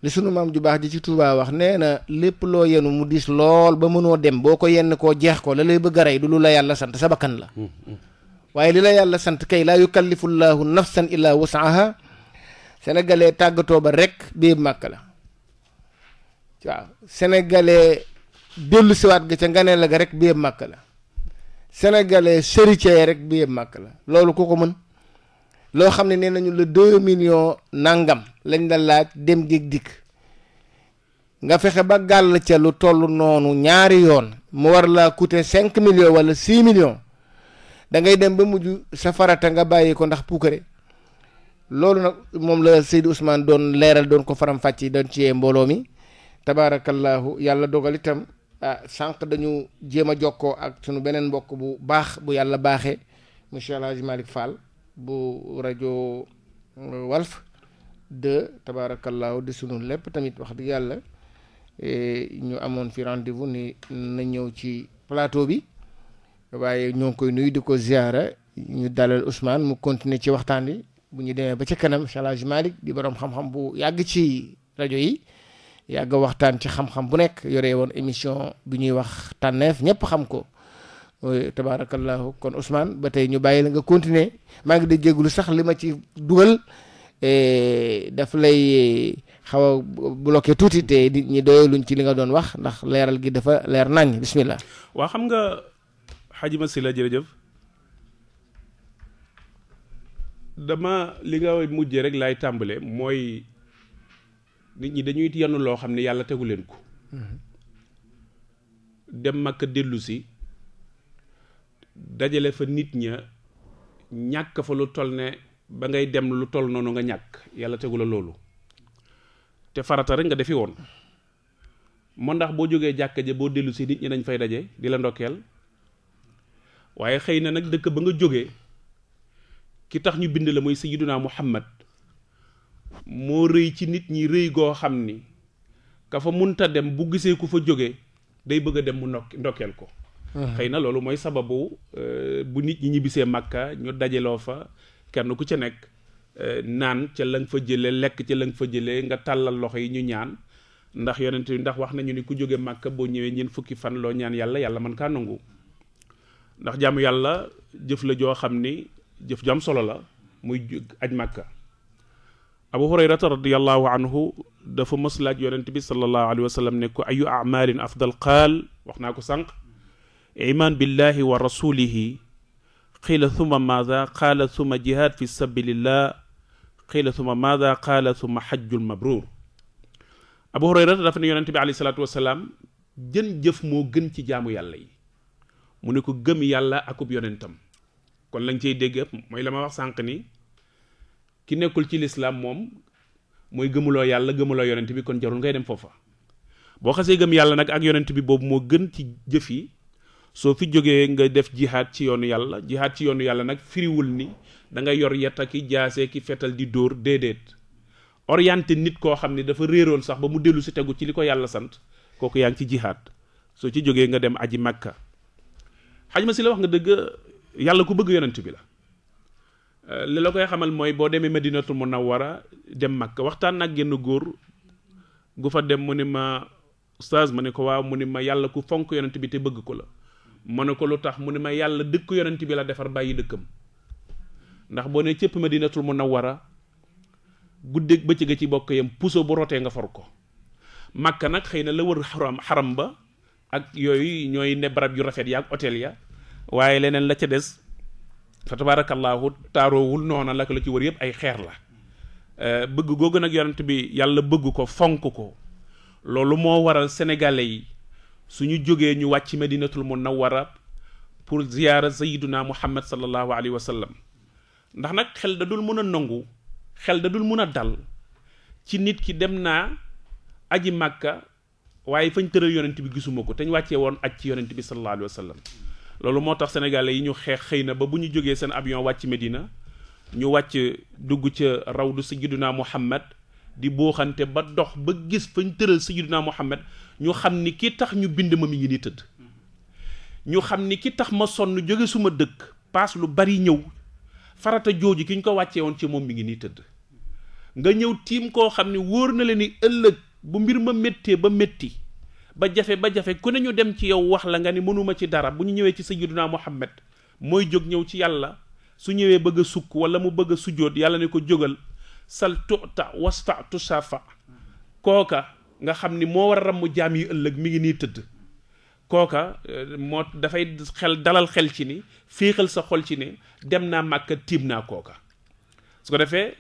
li sunu maam ju baax ji ci Tuubaa wax nee na lépp loo yenu mu diis lool ba mënoo dem boo ko yenn koo jeex ko la lay bëgg a rey du lu la yàlla sant sa bakkan la waaye li la yàlla sant kay laa yukallifu llaahu nafsan illaa wasaaha sénégalais tàggatoo ba rek bii màkk la waaw sénégalais dellu siwaat ga ca nganee la ga rek bi yëpp màkk la sénégalais chéritier rek bi yëpp màkk la loolu ku ko mën loo xam ne ne nañu la deux million nangam lañ la laaj dem géeg dikk nga fexe ba gàll ca lu toll noonu ñaari yoon mu war laa coûter cinq millions wala six million da ngay dem ba mujj sa farata nga bàyyi ko ndax puukare loolu nag moom la Seydou Ousmane doon leeral doon ko faram-fàcce doon ci yee mbooloo mi tabaarakallaahu yàlla dogal itam Ah, sànq dañu jéem a jokkoo ak sunu beneen mbokk bu baax bu yàlla baaxee monsieur El Hadj Malick Fall bu rajo euh, Walf de tabaarakallaahu di sunu lépp tamit wax dëgg yàlla ñu amoon fi rendez ni na ñëw ci plateau bi waaye ñoo ngi koy nuyu di ko ziara ñu dalal Ousmane mu continuer ci waxtaan wi bu ñu demee ba ci kanam El Hadj Malick di borom xam-xam bu yàgg ci rajo yi. yàgg waxtaan ci xam-xam bu nekk yore woon émission bi ñuy wax tànneef ñëpp xam ko tabaarakallahu kon Ousmane ba tey ñu bàyyi la nga continuer maa ngi di jégalu sax li ma ci dugal e, daf lay xaw a bloqué tuuti te nit ñi doyaluñ ci li nga doon wax ndax leeral gi dafa leer nàññ bismillah waa xam nga xaji ma si la jërëjëf dama li nga mujje rek lay tàmbale mooy nit ñi dañuy yenn loo xam ne yàlla tegu leen ko dem Makka dellu si dajale fa nit ña ñàkk fa lu toll ne ba ngay dem lu toll noonu nga ñàkk yàlla tegu la loolu te farata rek nga defi woon moo ndax boo jógee jàkka ja boo dellu si nit ñi dañ fay daje di la ndokkeel waaye xëy na nag dëkk ba nga jóge ki tax ñu bind la mooy sayyiduna Muhammad moo rëy ci nit ñi rëy goo xam ni ka fa munta dem bu gisee ku fa jóge day bëgg a dem mu ndok ndokkeel ko ah. xëy na loolu mooy sababu euh, bu nit ñi ñibbisee màkka ñu dajaloo fa kenn ku ca nekk euh, naan ca la fa jële lekk ca la fa jële nga tàllal loxo yi ñu ñaan ndax yonent ndax wax nañu ni ku jóge màkka boo ñëwee ñeen fukki fan loo ñaan yàlla yàlla man kaa nangu ndax jaamu yàlla jëf la joo xam ni jëf ju am solo la muy aj màkka abu hurayrata radiallahu anhu dafa mës laaj yonent bi salallahu alayhi wa sallam ne ko ayu amalin afdal qaal wax naa ko sànq iman billahi wa rasulihi qila thumma maada qaala thumma jihad fi sabilillah qila thumma maada qaala thumma hajjul mabrur abu hurayrata dafa ne yonent bi alayhi salatu wasalaam jën jëf moo gën ci jaamu yàlla yi mu ne ko gëm yàlla akub yonentam kon lañ cey dégg mooy la ma wax sànq ni ki nekkul ci l'islam moom mooy gëmuloo yàlla gëmuloo yonent bi kon jarul ngay dem foofa boo xasee gëm yàlla nag ak yonent bi boobu moo gën ci jëf yi soo fi jógee nga def jihaad ci yoonu yàlla jihaad ci yoonu yàlla nag firiwul ni da nga yor yetta ki jaasee ki fetal di dóor déedéet orienté nit koo xam ne dafa réeroon sax ba mu dellu si tegu ci li ko sant kooku yaa ngi ci jihaad soo ci jógee nga dem aji makka xaj ma si la wax nga dëgg yàlla ku bëgg yonent bi la Euh, li la koy xamal mooy boo demee ma dinatul Madinatul Munawwara dem Makka waxtaan nag genn góor gu fa dem mu ne ma oustaz ma ne ko waaw mu ne ma yàlla ku fonk yonent bi te bëgg ko la ma ne ko lu tax mu ne ma yàlla dëkk yonent bi la defar bàyyi dëkkam ndax boo ne cëpp Madinatul Munawwara guddeeg bëccëg ci bokk yam puso bu rootee nga for ko Makka nag xëy na la wër xaram xaram ba ak yooyu ñooy ne barab yu rafet ya ak hôtel ya waaye leneen la ca des fa tabaarakallaahu taaroowul noona la ko la ci wër yëpp ay xeer la euh, bëgg googu nag yonent bi yàlla bëgg ko fonk ko loolu moo waral sénégalais yi suñu jógee ñu wàcc madinatul munawwara pour ziyaara sayiduna muhammad sallallahu alayhi wa sallam ndax nag xel dadul mën a nangu xel da dul mun a dal ci nit ki dem naa aji màkka waaye fañ tëral yonent bi gisuma ko te ñu wàccee woon aj ci yonent bi sallallahu alayhi wa loolu moo tax sénégalais yi ñu xeex xëy na ba bu ñu jógee seen avion wàcc Medina ñu wàcc dugg ca rawdu sayyiduna Muhammad di booxante ba dox ba gis fañ tëral sayyiduna Muhammad ñu xam ni ki tax ñu bind ma mi ngi ni tëdd ñu xam ni ki tax ma sonn jóge suma dëkk paas lu bari ñëw farata jooju ki ñu ko wàccee woon ci moom mi ngi nii tëdd nga ñëw tiim koo xam ne wóor na leen ni ëllëg bu mbir ma méttee ba métti ba jafe ba jafe ku ne ñu dem ci yow wax la nga ne mënuma ci dara bu ñu ñëwee ci sayyiduna Muhammad mooy jóg ñëw ci yàlla su ñëwee bëgg sukk wala mu bëgg a sujjóot yàlla ne ko jógal sal tuta wasta tusafa kooka nga xam ni moo war a ramm jaam yi ëllëg mi ngi nii tëdd kooka euh, moo dafay xel dalal xel ci ni féexal sa xol ci ne dem naa màkka tiim naa kooka su ko defee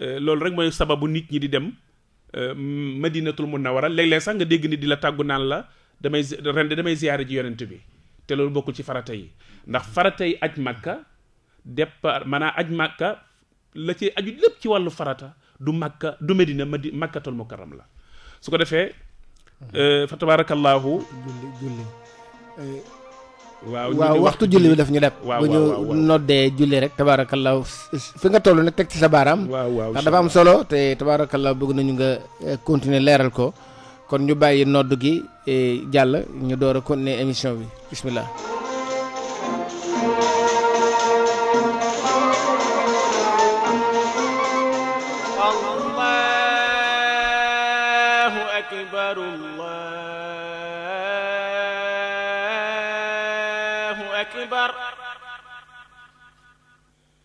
euh, loolu rek mooy sababu nit ñi di dem Euh, madinatul munawara léeg-léeg sax nga dégg ni di la tàggu naan la damay ren damay ziyaare ji yonent bi te loolu bokkul ci farata yi ndax farata yi aj màkka départ maanaam aj màkka la ci aju lépp ci wàllu farata du màkka du medina madi màkkatul karam la su ko defee euh, fa tabaarakallaahu euh, waaw waxtu julli bi daf ñu def bu ñu noddee julli rek tabaarakallaa fi nga toll nag teg ci sa baaraam ndax dafa am solo te tabaarakallaa bëgg nañu nga eh, continuer leeral ko kon ñu bàyyi nodd gi eh, jàll ñu door a continuer émission bi bismillah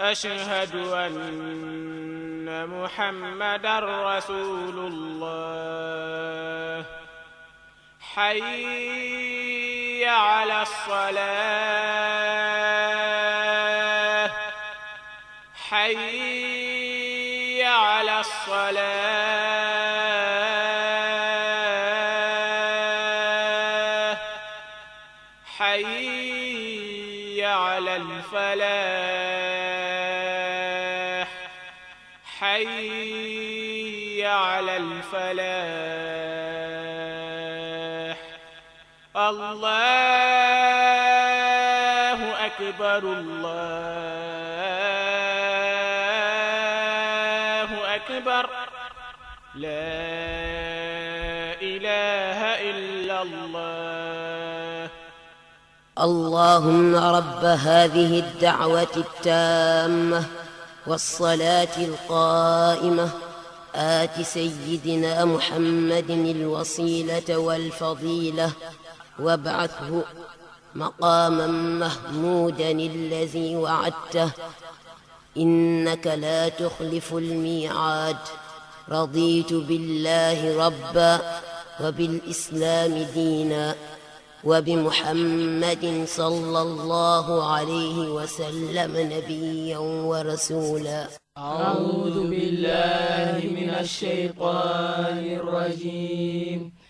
أشهد أن محمدا رسول الله حي على الصلاة حي على الصلاة أكبر الله أكبر لا إله إلا الله اللهم رب هذه الدعوة التامة والصلاة القائمة آت سيدنا محمد الوصيلة والفضيلة وابعثه مقاما محمودا الذي وعدته إنك لا تخلف الميعاد رضيت بالله ربا وبالإسلام دينا وبمحمد صلى الله عليه وسلم نبيا ورسولا أعوذ بالله من الشيطان الرجيم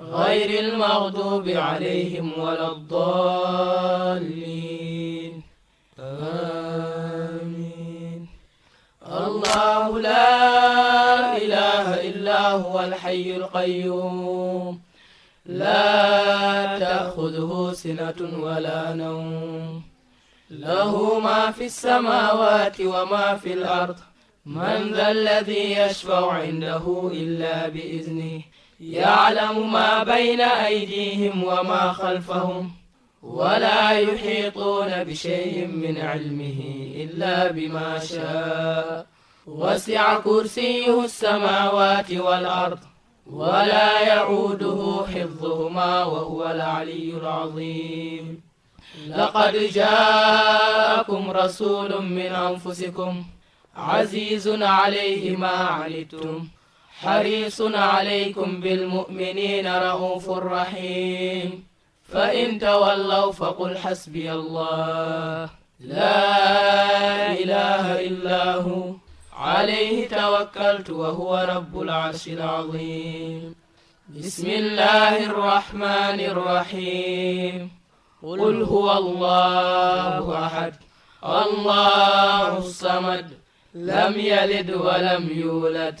غير المغضوب عليهم ولا الضالين آمين الله لا إله إلا هو الحي القيوم لا تأخذه سنة ولا نوم له ما في السماوات وما في الأرض من ذا الذي يشفع عنده إلا بإذنه يعلم ما بين أيديهم وما خلفهم ولا يحيطون بشيء من علمه إلا بما شاء وسع كرسيه السماوات والأرض ولا يعوده حفظهما وهو العلي العظيم لقد جاءكم رسول من أنفسكم عزيز عليه ما عنتم حريص عليكم بالمؤمنين رؤوف رحيم فإن تولوا فقل حسبي الله لا إله إلا هو عليه توكلت وهو رب العرش العظيم بسم الله الرحمن الرحيم قل هو الله أحد الله الصمد لم يلد ولم يولد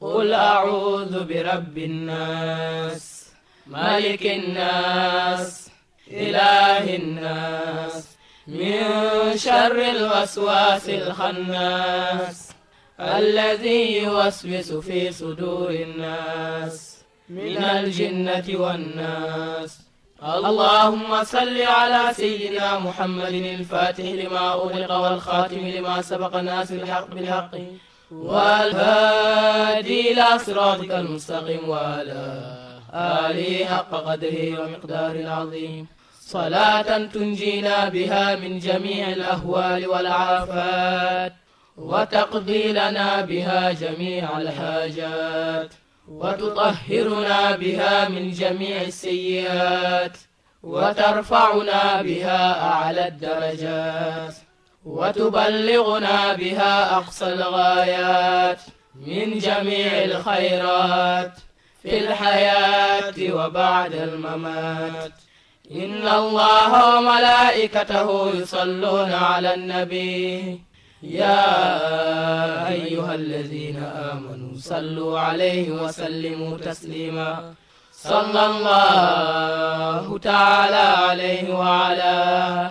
قل أعوذ برب الناس ملك الناس إله الناس من شر الوسواس الخناس الذي يوسوس في صدور الناس من الجنة والناس اللهم صل على سيدنا محمد الفاتح لما أغلق والخاتم لما سبق الناس بالحق, بالحق والهادي إلى صراطك المستقيم وعلى آله حق قدره ومقداره العظيم صلاة تنجينا بها من جميع الأهوال والعافات وتقضي لنا بها جميع الحاجات وتطهرنا بها من جميع السيئات وترفعنا بها أعلى الدرجات وتبلغنا بها أقصى الغايات من جميع الخيرات في الحياة وبعد الممات إن الله وملائكته يصلون على النبي يا أيها الذين آمنوا صلوا عليه وسلموا تسليما صلى الله تعالى عليه وعلى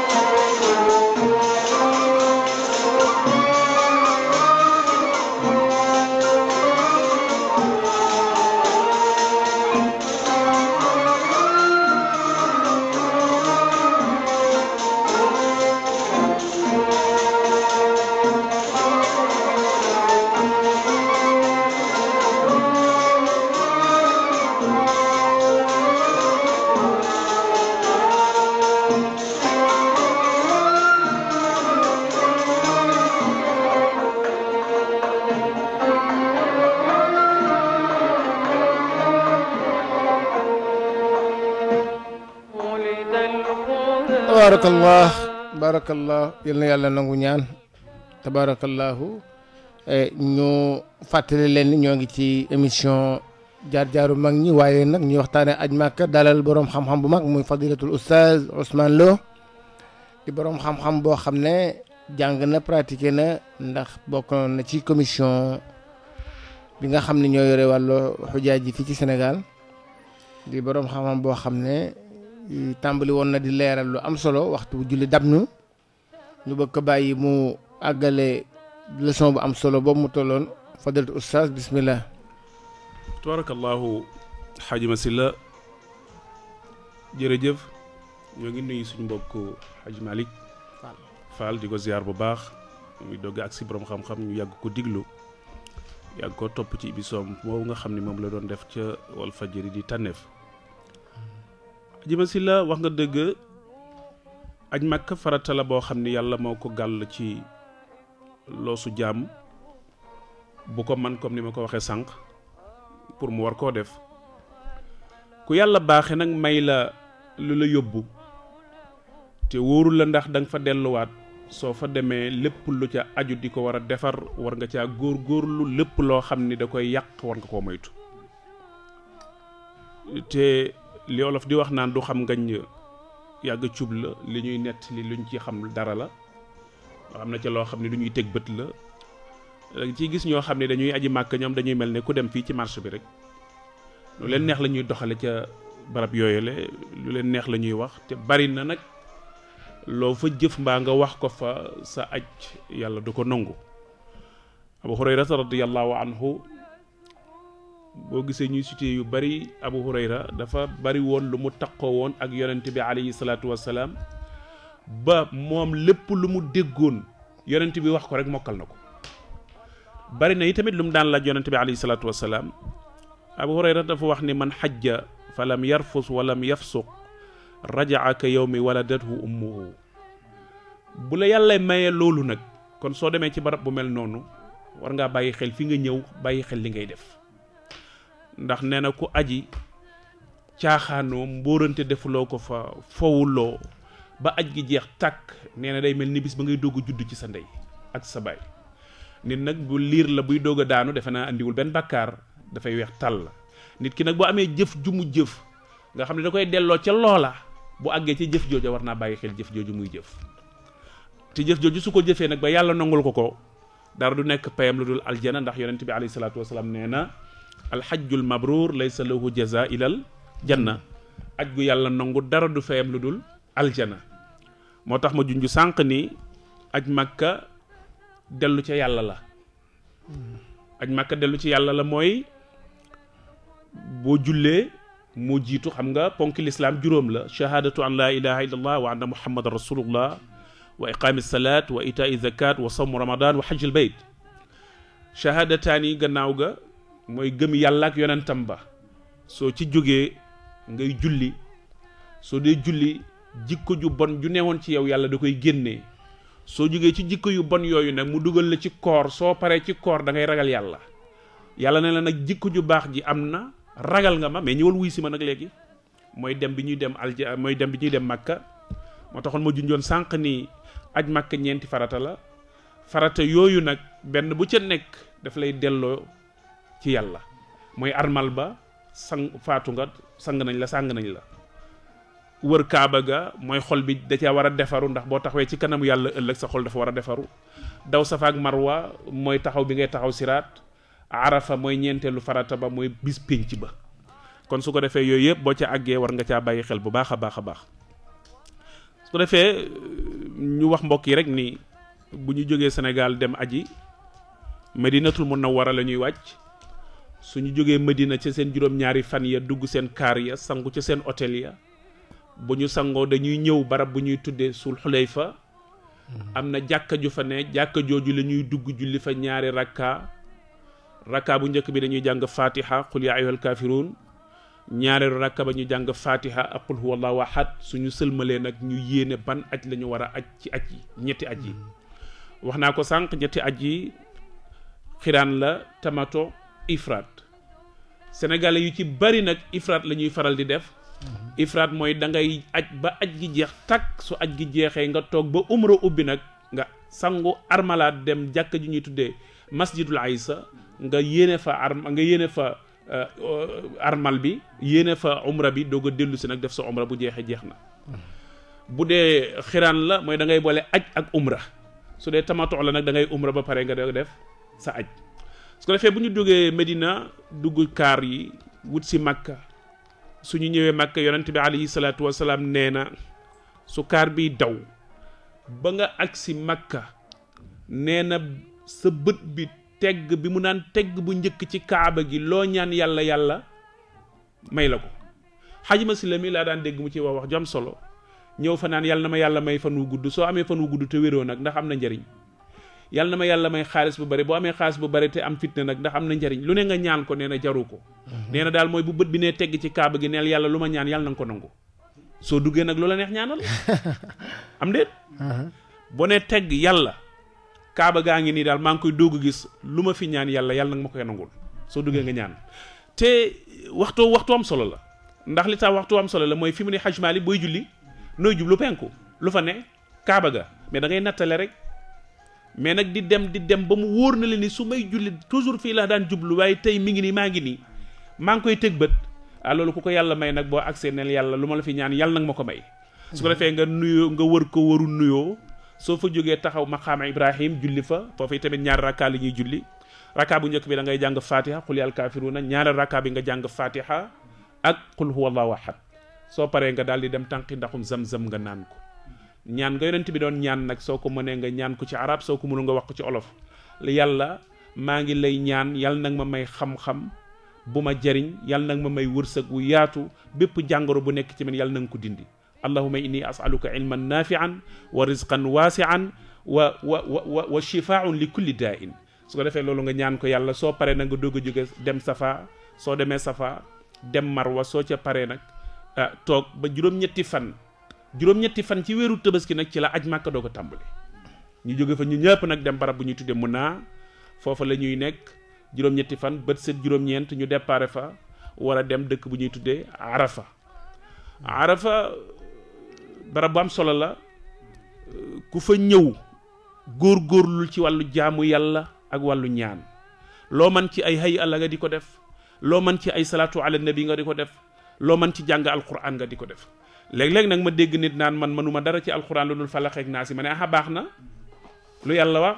tabarakallah barakallah yalla yalla nangu ñaan tabarakallahu ñu eh, fàttali len ñoo ngi ci émission jaar jaaru mag ñi waye nak ñu waxtane aj dalal borom xam-xam bu mag muy fadilatul ustaz usman Lo di borom xam-xam bo xamne jang na pratiquer na ndax bokkon na ci commission bi nga xamne ñoy yore walu hujaji fi ci senegal di borom xam-xam bo xamne tàmbali woon na di leeral lu am solo waxtu julli dab ñu ñu bokk ko bàyyi mu àggale leçon bu am solo boobu mu tolloon fadalatu ustaas bismillah tabarakallahu xaaji Masila jërëjëf ñoo ngi nuyu suñu mbokk xaaji malik Fall di ko ziar bu baax muy dogg ak si borom xam-xam ñu yàgg ko diglu yàgg ko topp ci ibisoom moo nga xam ni moom la doon def ca Walfadjri di tànneef Hajiba Sylla wax nga deug aj mak farata la bo xamni yalla moko gal ko ci losu jam bu ko man comme ni ko waxee sànq pour mu war ko def ku yalla baxé nak may la lu la yobbu te wóoru la ndax dang fa wat so fa demee lepp lu ca aju diko wara defar war nga ca gor gor lu lepp lo xamni da koy yak war nga ko moytu te li olof di wax naan du xam ngañ yàgg cub la li ñuy li luñ ci xam dara la am na ca loo xam ne du ñuy teg bët la ci gis ñoo xam ne dañuy aji màkk ñoom dañuy mel ne ku dem fii ci marché bi rek lu leen neex la ñuy doxale ca barab yooyale lu leen neex la ñuy wax te bari na nag loo fa jëf mbaa nga wax ko fa sa aj yàlla du ko abu hurayra radiallahu anhu boo gisee ñuy cité yu bari Abu Hurayra dafa bari woon lu mu taqoo woon ak yonent bi alayhi salaatu wassalaam ba moom lépp lu mu déggoon yonent bi wax ko rek mokkal na ko bari na yi tamit lu mu daan la yonent bi alayhi salaatu wassalaam Abu Hurayra dafa wax ni man xajja fa lam yarfus walam yafsuq rajaa ka yawmi waladathu ummuhu bu la yàlla mayee loolu nag kon soo demee ci barab bu mel noonu war ngaa bàyyi xel fi nga ñëw bàyyi xel li ngay def ndax nee ku aji caaxaanoo mbóorante defuloo ko fa fowuloo ba aj gi jeex tak nee day mel ni bis ba ngay dogg judd ci sa ndey ak sa bay nit nag bu liir la buy jumujif, a daanu defe naa andiwul benn dafay weex tàll nit ki nag bu amee jëf ju mu jëf nga xam ne da koy delloo ca loola bu àggee ci jëf jooja war naa bàyyi xel jëf jooju muy jëf te jëf jooju su ko jëfee ba yàlla nangul ko ko dara du nekk payam lu aljana ndax yonente bi alayhi salatu wasalaam nee alxajjul mabruur laysa lahu jaza ilal janna aj gu yàlla nangu dara du fayam lu dul aljana moo tax ma junj sànq ni aj makka dellu ca yàlla la aj makka dellu ci yàlla la mooy boo jullee moo jiitu xam nga ponk lislaam juróom la shahaadatu an laa ilaha illallah wa anna muhammadan rasulullah wa iqaami salaat wa itaai zakat wa sawmu ramadan wa xajjil bayt shahaadataani gannaaw ga moy gëm yalla ak yonentam ba so ci jógee ngay julli so dé julli jikko ju bon ju néwon ci yow yalla da koy génné so jógee ci jikko yu bon yoyu nak mu duggal la ci koor so paré ci koor da ngay ragal yalla yalla né la nak jikko ju bax ji amna ragal nga ma mais ñewul wuy si nak légui moy dem bi ñuy dem alja moy dem bi ñuy dem makka mo taxon mo junjoon sank ni aj makka ñenti farata la farata yoyu nak benn bu ca daf lay delo ci yàlla mooy armal ba sang faatu nga sang nañ la sàng nañ la wër kaaba ga mooy xol bi da caa war a defaru ndax boo taxawee ci kanam yàlla ëllëg sa xol dafa war a defaru daw safa ak marwa mooy taxaw bi ngay taxaw siraat arafa mooy ñeenteelu farata ba mooy bis pinc ba kon su ko defee yooyu yëpp boo ca àggee war nga caa bàyyi xel bu baax a baax a baax su ko defee ñu wax mbokk yi rek nii bu ñu jógee senegal dem aji Madinatul Munawwara la ñuy wàcc suñu jógee Medina ca seen juróom-ñaari fan ya dugg seen kaar ya sangu ca seen hôtel ya bu ñu sangoo dañuy ñëw barab bu ñuy tuddee sul fa mhm. am na jàkka ju fa ne jàkka jooju la ñuy dugg julli fa ñaari rakka rakka bu njëkk bi dañuy jàng fatiha qul ya ayyuhal kafirun ñaareelu rakka ba ñu jàng fatiha ak qul huwa allahu ahad suñu sëlmalee nag ñu yéene ban aj lañu ñu war a aj ci aj yi ñetti aj yi mhm. wax naa ko sànq ñetti aj yi xiraan la tamato ifraat sénégalais yu ci bari nag ifraat la ñuy faral di def mhm. ifraat mooy da ngay aj ba aj gi jeex takk su aj gi jeexee nga toog ba umra ubbi nag nga sangu armalaat dem jàkk ju ñuy tuddee masjidul aysa nga yéene fa arm nga yéene fa euh, armal bi yéene fa umra bi doog a dellu si nag def sa umra bu jeexee jeex na mhm. bu dee xiraan la mooy da ngay boole aj ak umra su dee tamatoo la nag dangay ngay umra ba pare nga def sa aj su ko defee bu medina dugg kaar yi wut si makka suñu ñëwee makka yonent bi alayhi salaatu wasalaam nee na su kaar bi daw ba nga ak si makka nee na sa bët bi tegg bi mu naan tegg bu njëkk ci kaaba gi loo ñaan yàlla yàlla may la ko laa daan dégg jam solo ñëw fa naan yàlla na ma yàlla may fan wu gudd soo amee te wéroo nag ndax am na yal na ma yàlla may xaaliss bu bari bo amé xaaliss bu bari té am fitna nak ndax am na njariñ lu ne nga ñaan ko néna na jaru ko mhm. nee na daal bu bët bi né tégg ci kaaba gi neel yalla luma ñaan yàlla na ko nangu so duggé nak lula neex ñaanal am dé mhm. bo né yalla, yalla kaaba gaa ngi nii daal ma ngi koy gis luma ma fi ñaan yalla yàlla nag ma koy nangul soo duggee nga ñaan té waxto waxto am solo la ndax li tax waxto am solo la moy fi mu ne xajmaali booy julli noy jublu penku lu fa né kaaba ga mais da ngay natalé rek mais nag di dem di dem ba mu wóor na leen ni su may julli toujours fii la daan jublu waaye tey mi ngi ni maa ngi nii maa ngi koy teg bët ah loolu ku ko yàlla may nag boo accès nel yàlla lu la fi ñaan yàlla nag ma may su ko defee nga nuyoo nga wër ko waru nuyoo soo fa jógee taxaw ibrahim julli fa foofu tamit ñaar rakka li ñuy julli rakka bu njëkk bi da ngay jàng fatiha xul yàl kafiruna ñaareel rakka bi nga jàng fatiha ak qul huwa allahu ahad soo paree nga daal di dem tànqi ndaxum zam-zam nga naan ko ñaan nga yonent bi doon ñaan nag soo ko mënee nga ñaan ko ci arab soo ko mënul nga wax ko ci olof yàlla maa ngi lay ñaan yàlla nag ma may xam-xam bu ma jariñ yàlla nag ma may wërsëg wu yaatu bépp jàngoro bu nekk ci man yàlla nanga ko dindi allahuma inni as'aluka ilman nafi'an wa rizqan wasi'an wa wa wa wa shifaun li kulli da'in su ko defee loolu nga ñaan ko yàlla soo paree nag nga doog jóge dem safa soo demee safa dem marwa soo ca paree nag ah, toog ba juróom-ñetti fan juróom-ñetti fan ci wéeru tëbaski nag ci la aj màkka doo ko tàmbali ñu jóge fa ñu ñëpp nag dem barab bu ñuy tudde munaa foofa la ñuy nekk juróom-ñetti fan bët set juróom-ñeent ñu déparé fa war dem dëkk bu ñuy tuddee arafa arafa barab bu am solo la ku fa ñëw góor-góorlul ci wàllu jaamu yàlla ak wàllu ñaan loo man ci ay hay àlla nga di ko def man ci ay salaatu ala nabi nga di ko man ci jàng alquran nga di ko def léeg-léeg nag ma dégg nit naan man mënuma dara ci alxuraan lu dul falaxeeg naa si ma ne aha baax na lu yàlla wax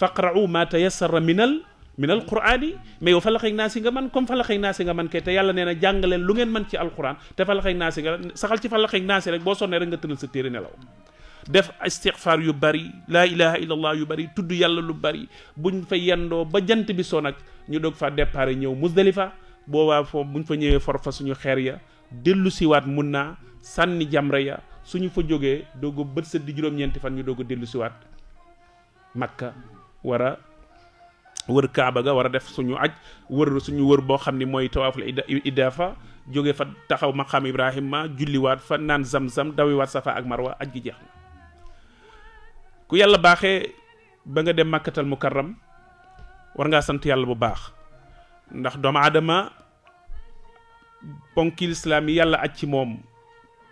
faqra'u ma tayassara minal minal quraani mais yow falaxeeg naa si nga man comme falaxeeg naa si nga man kay te yàlla nee na jàng leen lu ngeen man ci alxuraan te falaxeeg naa si nga saxal ci falaxeeg naa si rek boo sonnee rek nga tënal sa téere nelaw def istixfaar yu bari laa ilaha illallah yu bari tudd yàlla lu bari buñ fa yendoo ba jant bi so nag ñu doog fa départ ñëw musdalifa boobaa foofu buñ fa ñëwee for suñu xeer ya dellu siwaat mun sanni jamra ya suñu fa jógee dogo a bët di juroom ñeenti fan ñu dogo delu ci wat makka war wër kaaba ga war def suñu aj wër suñu wër bo xamni moy tawaf tawaaful idafa jóge fa taxaw ma julli wat fa nan zamzam dawi wat safa ak marwa aj gi jeex ku yalla baxé ba nga dem mukarram war nga sant yalla bu baax ndax doom adama ponkil islam yalla acci mom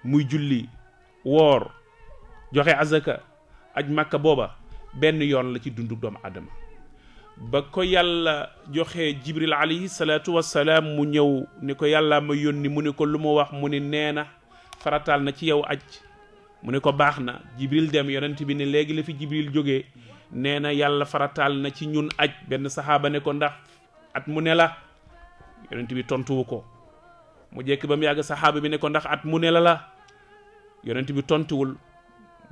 muy julli woor joxe azaka aj màkka booba benn yoon la ci dundu doomu adama ba ko yàlla joxe jibril alayhi salaatu mu ñëw ni ko yàlla ma yónni mu ne ko lu mu wax mu ne nee na farataal na ci yow aj mu ne ko baax na jibril dem yonent bi ni léegi la fi jibril jóge nee na yàlla farataal na ci ñun aj benn saxaaba ne ko ndax at mu ne la yonent bi tontuwu ko mu jekk bam yag sahaba bi ne ko ndax at Munela, la yonent bi tontuwul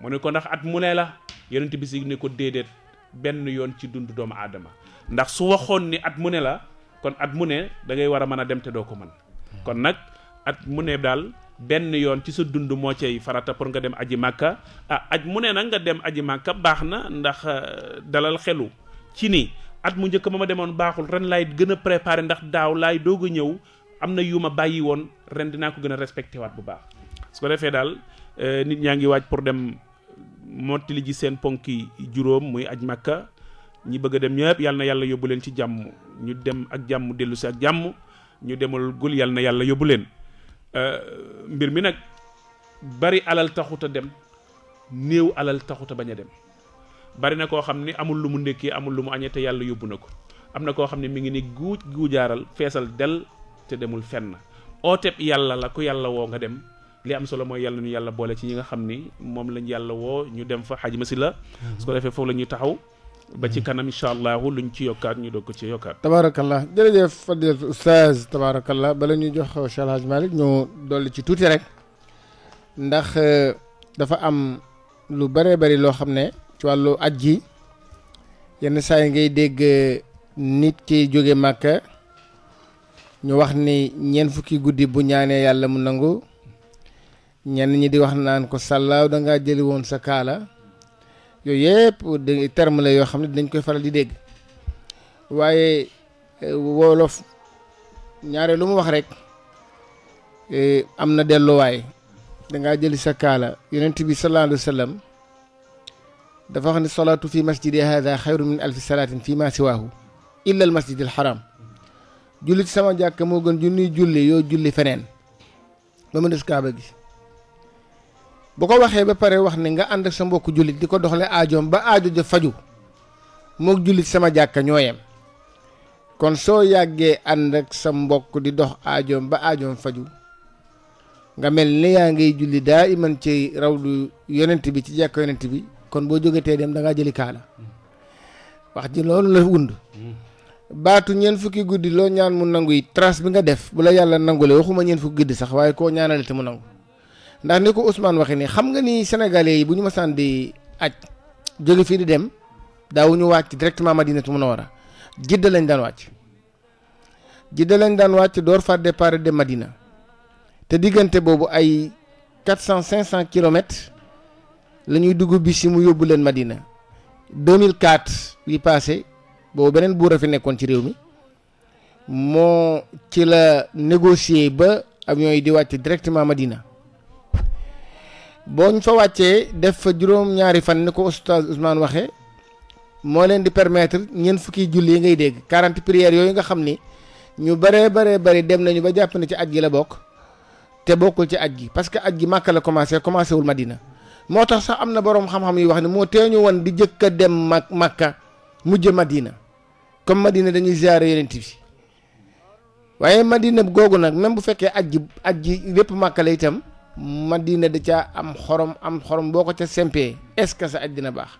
mu ne ko ndax at Munela, ti yonent bi si ne ko dedet ben yon ci dundu doomu adama ndax su waxon ni at Munela, kon at muné dage da ngay wara dem te doko man kon nak at muné dal, ben yon ci sa dundu mo cey farata pour nga dem aji makka ah aj muné nak nga dem aji makka baxna ndax euh, dalal xelu ci ni at mu njëkk ma ma demoon ren lay gëna préparer ndax daw lay dogu am na yu ma bàyyi woon ren dinaa ko gën a respecté waat bu baax su ko defee daal euh, nit ñaa ngi waaj pour dem mottali ji seen ponki juróom muy aj makka ñi bëgg a dem ñëpp yàlla na yàlla yóbbu leen ci jàmm ñu dem ak jàmm dellu si ak jàmm ñu demul gul yàlla na yàlla yóbbu leen euh, mbir mi nag bari alal taxuta dem néew alal taxut a bañ a dem bari na koo xam ni amul lu mu ndékkee amul lu mu añee yàlla yóbbu na ko am na koo xam ne mi ngi ni guuj guujaaral feesal del te demul fenn ooteb yàlla la ku yàlla woo nga dem li am solo mooy yàlla ñu yàlla boole ci ñi nga xam ni moom lañ yàlla woo ñu dem fa xaj ma si la mhm. su ko defee foofu la ñuy taxaw ba ci mhm. kanam incha allahu luñ ci yokkaat ñu doog ko ci yokkaat tabaarakallah jërëjëf fadilat oustaz tabaarakallah bala ñuy jox Cheikh El Hadj Malick ñu dolli ci tuuti rek ndax euh, dafa am lu bëree bëri loo xam ne ci wàllu aj ji yenn saa yi ngay dégg euh, nit ki jóge màkka ñu wax ni ñeent fukki guddi bu ñaanee yàlla mu nangu ñenn ñi di wax naan ko sàllaaw da ngaa jëli woon sa kaala yooyu yëpp di terme la yoo xam ne dañ koy faral di dégg waaye eh, wolof ñaare lu mu wax rek eh, am na delluwaay da ngaa jëli sa kaala yonent bi sallallaahu alayhi wa sallam dafa wax ni solaatu fi masjidi hada xayru min alfi salaatin fi ma siwaahu illa al masjid al haram Julit sama jakk mo gën junniy julli yoo julli feneen ba mu des kaaba gi bu ko waxee ba pare wax ne nga ànd ak sa mbokk julit di ko aajoom ba aajo ja faju moog julit sama jàkka ñoo kon soo yàggee ànd ak sa mbokk di dox aajoom ba aajoom faju nga mel ni yaa ngay julli daa iman ci rawlu yonent bi ci jàkk yonent bi kon boo jógetee dem da ngaa jëli kaala wax ji loolu la wund mm. baatu ñeent fukki guddi loo ñaan mu nangu yi trace bi nga def bu la yàlla nangule waxuma ñeent fukki guddi sax waaye koo ñaanale te mu nangu ndax ni ko Ousmane waxee ni xam nga ni sénégalais yi bu ñu masaan di aj jóge fii di dem daawuñu wàcc directement Madinatu Munawara jidda lañ daan wàcc jidda lañ daan wàcc door fa départ de Madina te diggante boobu ay quatre cent cinq cent kilomètres la ñuy dugg bis si mu yóbbu leen Madina 2004 bi passé boobu beneen buur a fi nekkoon ci réew mi moo ci la négocier ba ak yi di wàcc directement Madina boo ñu fa wàccee def fa juróom-ñaari fan ni ko oustaz Ousmane waxee moo leen di permetre ñeent fukki julli yi ngay dégg quarante prières yooyu nga xam ni ñu bëree bare bëri dem nañu ba jàpp ne ci aj gi la bokk te bokkul ci aj gi parce que aj gi Màkka la commencé commencé wul Madina moo tax sax am na boroom xam-xam yi wax ne moo teeñu woon di jëkk a dem Màkka mujj Madina comme Madina dañuy ziare yeneen bi waaye Madina googu nag même bu fekkee aj ji aj ji lépp màkk la itam Madina da caa am xorom am xorom boo ko ca sempee est-ce que sa aj dina baax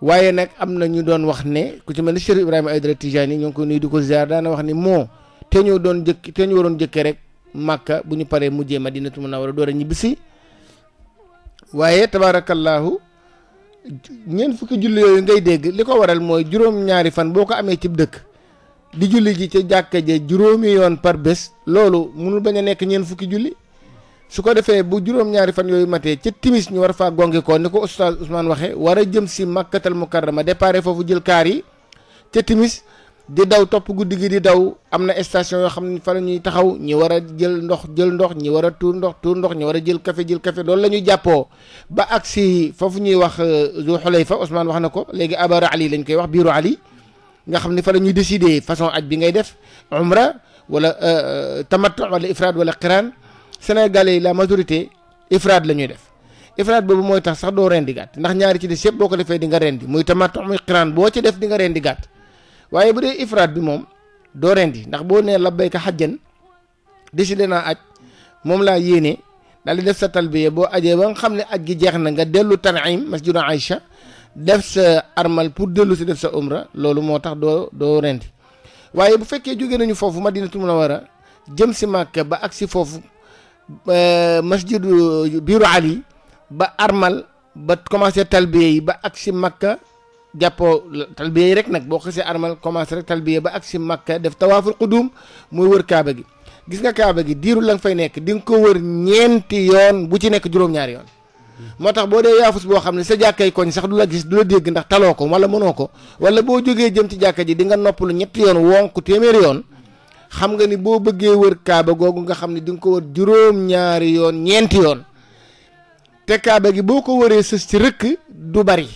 waaye nag am na ñu doon wax ne ku ci mel ni Cheikh Ibrahima Aïdara Tijani ñoo ngi ko nuyu di ko ziar daana wax ni moo te ñoo doon jëkk te ñu waroon jëkkee rek màkka bu ñu paree mujjee war a door a ñibbisi waaye tabaarakallaahu ñeent fukki julli yooyu ngay dégg li ko waral mooy juróom-ñaari fan boo ko amee cib dëkk di julli ji ca jàkka je juróomi yoon par bés loolu munul bañ a nekk ñeent fukki julli su ko defee bu juróom-ñaari fan yooyu matee ci timis ñu war faa gonge ko ni ko oustaz Ousmane waxee war a jëm si màkkatal mukarrama déparé foofu jël kaar yi ca timis di daw topp guddi gi di daw am na station yoo xam ne fa la ñuy taxaw ñi war a jël ndox jël ndox ñi war a tuur ndox tuur ndox ñi war a jël kafe jël kafe loolu la ñuy jàppoo ba agsi foofu ñuy wax euh, Zu fa Ousmane wax na ko léegi Abara Ali lañu koy wax biiru Ali nga xam ne fa la ñuy décider façon aj bi ngay def umra wala euh, euh, tamattu wala ifraad wala qiraan sénégalais yi la majorité ifraad la ñuy def ifraad boobu mooy tax sax doo rendi gàtt ndax ñaari ci des boo ko defee di nga rendi muy tamattu muy qiraan boo ci def di nga rendi gàtt waaye bu dee ifraat bi moom doo rendi ndax boo nee labbayka xajjan décidé naa aj moom laa yéene daal di def sa talbiya boo ajee ba nga xam ne aj gi jeex na nga dellu Tan'im masjidu Aïcha def sa armal pour dellu si def sa umra loolu moo tax doo doo rendi waaye bu fekkee jóge nañu foofu ma Madinatul Munawwara jëm si Màkka ba si foofu masjidu biiru Ali ba armal ba commencé talbiya yi ba si Màkka jappo talbiya yi rek nak bo xese armal commencé rek talbiya ba ak si makka def tawaaful qudum muy wër kaaba gi gis nga kaaba gi diru lang fay nek di ko wër ñeenti yoon bu ci nek juroom ñaar yoon motax bo de yafus bo boo sa jakkay koñ sax du la gis du la ndax taloko wala monoko wala bo joge jëm ci jakkay ji di nga noppalu ñetti yoon wonk témer yoon xam nga ni bo bëggee wër kaaba gogu nga nyariyon ding teka bagi ko wër juroom ñaar yoon ñeenti yoon te kaaba gi boko wëré ci rek du bari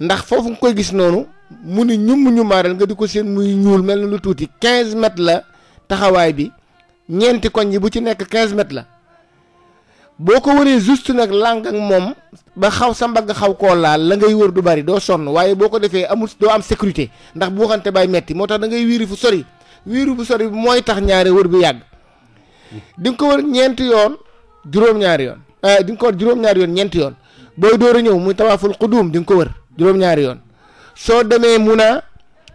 ndax foofu nga koy gis noonu mu ni ñum ñu maaral nga di ko seen muy ñuul mel na lu tuuti 15 mètres la taxawaay bi ñeenti koñ yi bu ci nekk 15 mètres la boo ko wëree juste nag làng ak moom ba xaw sa mbagg xaw koo laal la ngay wër du bari doo sonn waaye boo ko defee amul doo am sécurité ndax bu waxante bay metti moo tax dangay ngay wiiri fu sori wiiri fu sori mooy tax ñaari wër bi yàgg di nga ko wër ñeenti yoon juróom-ñaari yoon euh, di nga ko wër ñaari yoon ñeenti yoon booy door a ñëw muy tawaaful xudduum di nga ko wër. juróom-ñaari yoon soo demee Muna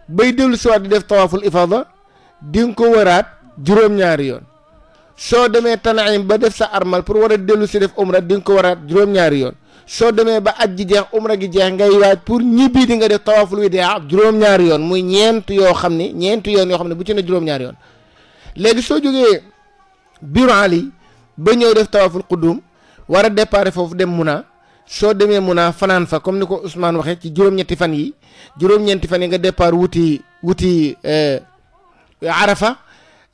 bay dellu siwaat di def tawaaful ifada di nga ko waraat juróom-ñaari yoon soo demee Tanaim ba def sa armal pour war a dellu si def umra di nga ko waraat juróom-ñaari yoon soo demee ba aj ji jeex umra gi jeex ngay waaj pour ñibbi di nga def tawaaful widaa juróom-ñaari yoon muy ñeent yoo xam ne ñeenti yoon yoo xam ne bu ci ne juróom-ñaari yoon léegi soo jógee biru ali ba ñëw def tawaaful quddum war a départ foofu dem Muna soo demee mun a fanaan fa comme ni ko Ousmane waxee ci juróom-ñetti fan yi juroom netti fan yi nga départ wuti wuti arafa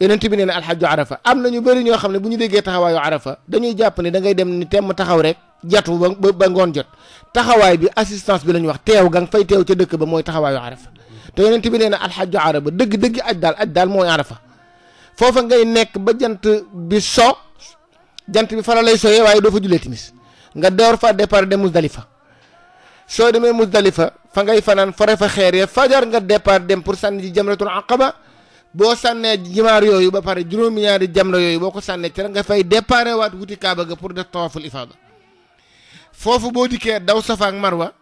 yonent bi nee na alxaju arafa am na ñu bëri ñoo xam ne bu ñu déggee taxawaayu arafa dañuy jàpp ne da ngay dem ni temm taxaw rek jatu ba ba ngoon jot taxawaay bi assistance bi la ñu wax teew gang fay teew ca dëkk ba mooy taxawaayu arafa te yonent bi nee na alxaju arafa dëgg dëgg aj daal aj daal mooy arafa foofa ngay nekk ba jant bi so jant bi fara lay soyee waaye doo fa julee timis nga door fa départ de Musdalifa soo demee Musdalifa fa ngay fanaan fore fa xeer ya fajar nga départ dem pour sànni ji jamratul aqaba boo sànnee jimaar yooyu ba pare juróomi ñaari jamra yooyu boo ko sànnee ci nga fay départ waat wuti kaaba ga pour def tawaful ifaada foofu boo dikkee daw safa ak marwa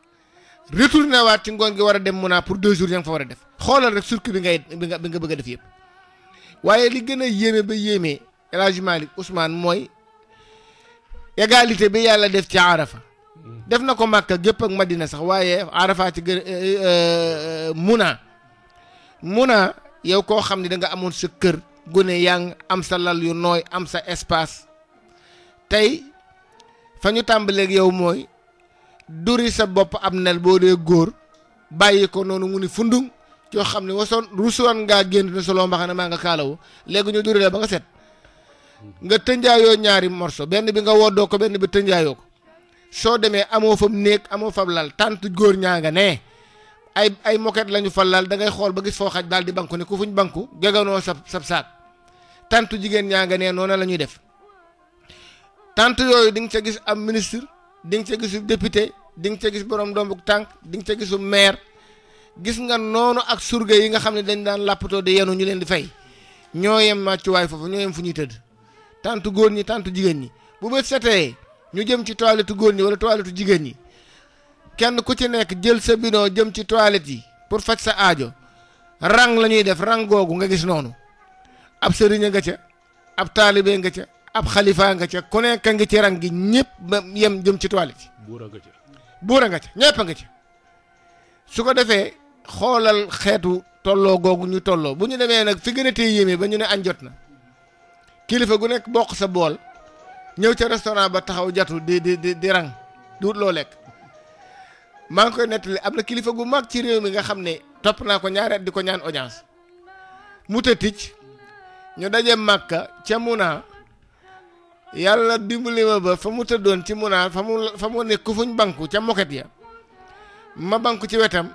retourné waat ci ngoon gi war a dem munaa pour deux jours ya nga fa war a def xoolal rek circuit bi ngay bi nga bi nga bëgg a def yëpp waaye li gën a yéeme ba yéeme El Hadj Malick mooy égalité bi yàlla def ci arafa def na ko màkka gépp ak madina sax waaye arafa ci gën euh, euh, muna muna yow koo xam ne da amoon sa kër gune yang am sa lal yu nooy am sa espace tey fa ñu tàmbaleeg yow mooy duri sa bopp am nel boo dee góor bàyyi ko noonu mu ni fundung yoo xam ne wasoon rusoon ngaa génn ne soloo mbaxana maa nga kaalawu léegi ñu duri la ba nga set nga tënjaayoo ñaari morso benn bi nga woddoo ko benn bi tënjaayoo ko soo demee amoo fam néeg amoo fam lal tant góor ñaa nga ne ay ay moket lañu fa lal dangay xool ba gis foo xaj daal di banku ne ku fuñ banku geganoo sab sab saak tant jigéen ñaa nga nee noonu lañuy def tant yooyu di nga ca gis am ministre di nga ca gisu député di nga ca gis borom dombu tànk di nga ca gisu maire gis nga noonu ak surga yi nga xam ne dañ daan làppatoo di yenu ñu leen di fay ñoo yem màccuwaay foofu ñoo yem fu ñuy tëdd tàntu góor ñi tàntu jigéen ñi bu bët setee ñu jëm ci toilette góor ñi wala toilette jigéen ñi kenn ku ci nekk jël sa bidon jëm ci toilette yi pour faj sa aajo rang la ñuy def rang googu nga gis noonu ab sëriñ nga ca ab taalibe nga ca ab xalifaa nga ca ku nekk nga ci rang gi ñëpp ba yem jëm ci toilette yi. buura nga ca buura nga ca nga ca su ko defee xoolal xeetu tolloo googu ñu tolloo bu ñu demee nag fi gën a téye yéeme ba ñu ne añ jot na. kilifa gu nekk bokk sa bool ñëw ca restaurant ba taxaw jatu di di di di di wut loo lekk maa ngi koy nettali am na kilifa gu mag ci réew mi nga xam ne topp naa ko ñaari di ko ñaan audience mu tëtic ñu daje màkka ca munaa yàlla dimbali ma ba fa mu tëddoon ci munaa fa mu fa mu nekk ku fuñ banku ca moket ya ma banku ci wetam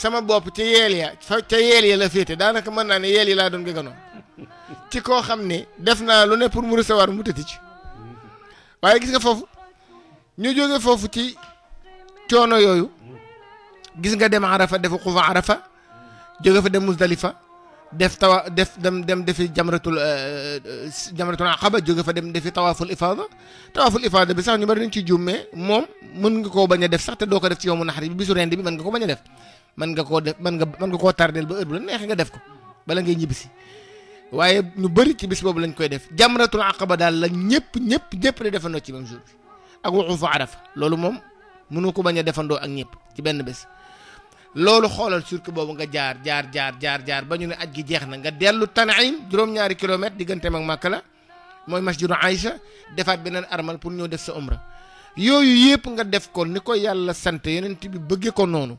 sama bopp ca yeel ya fa ca yeel ya la féete daanaka mën naa ne yeel yi laa doon gëganoon ci koo xam ne def naa lu ne pour mu recevoir mu tëti ci waaye gis nga foofu ñu jóge foofu ci coono yooyu gis nga dem arafa defu xufa arafa jóge fa dem musdalifa def tawa def dem dem defi jamratul eh, eh, jamratul aqaba jóge fa dem defi tawaaful ifaada tawaaful ifaada bi sax ñu bari dañ ci jummee moom mën nga koo bañ a def sax te doo ko def ci yoomu naxari bi bisu rendi bi mën nga ko bañ a def mën nga koo def mën nga mën nga koo tardeel ba heure neexee nga def ko bala ngay ñibbisi waaye ñu bëri ci bis boobu lañ koy def jamratul aqaba daal la ñëpp ñëpp ñëpp di defandoo ci même jour bi ak waxu fa arafa loolu moom mënu ko bañ a defandoo ak ñëpp ci benn bés loolu xoolal surk boobu nga jaar jaar jaar jaar jaar ba ñu ne aj gi jeex na nga dellu Tan'im juróom-ñaari kilomètre digganteem ak Makka la mooy masjidu Aïcha defaat beneen armal pour ñëw def sa umra yooyu yëpp nga def ko ni koy ko yàlla sant yonent bi bëggee ko noonu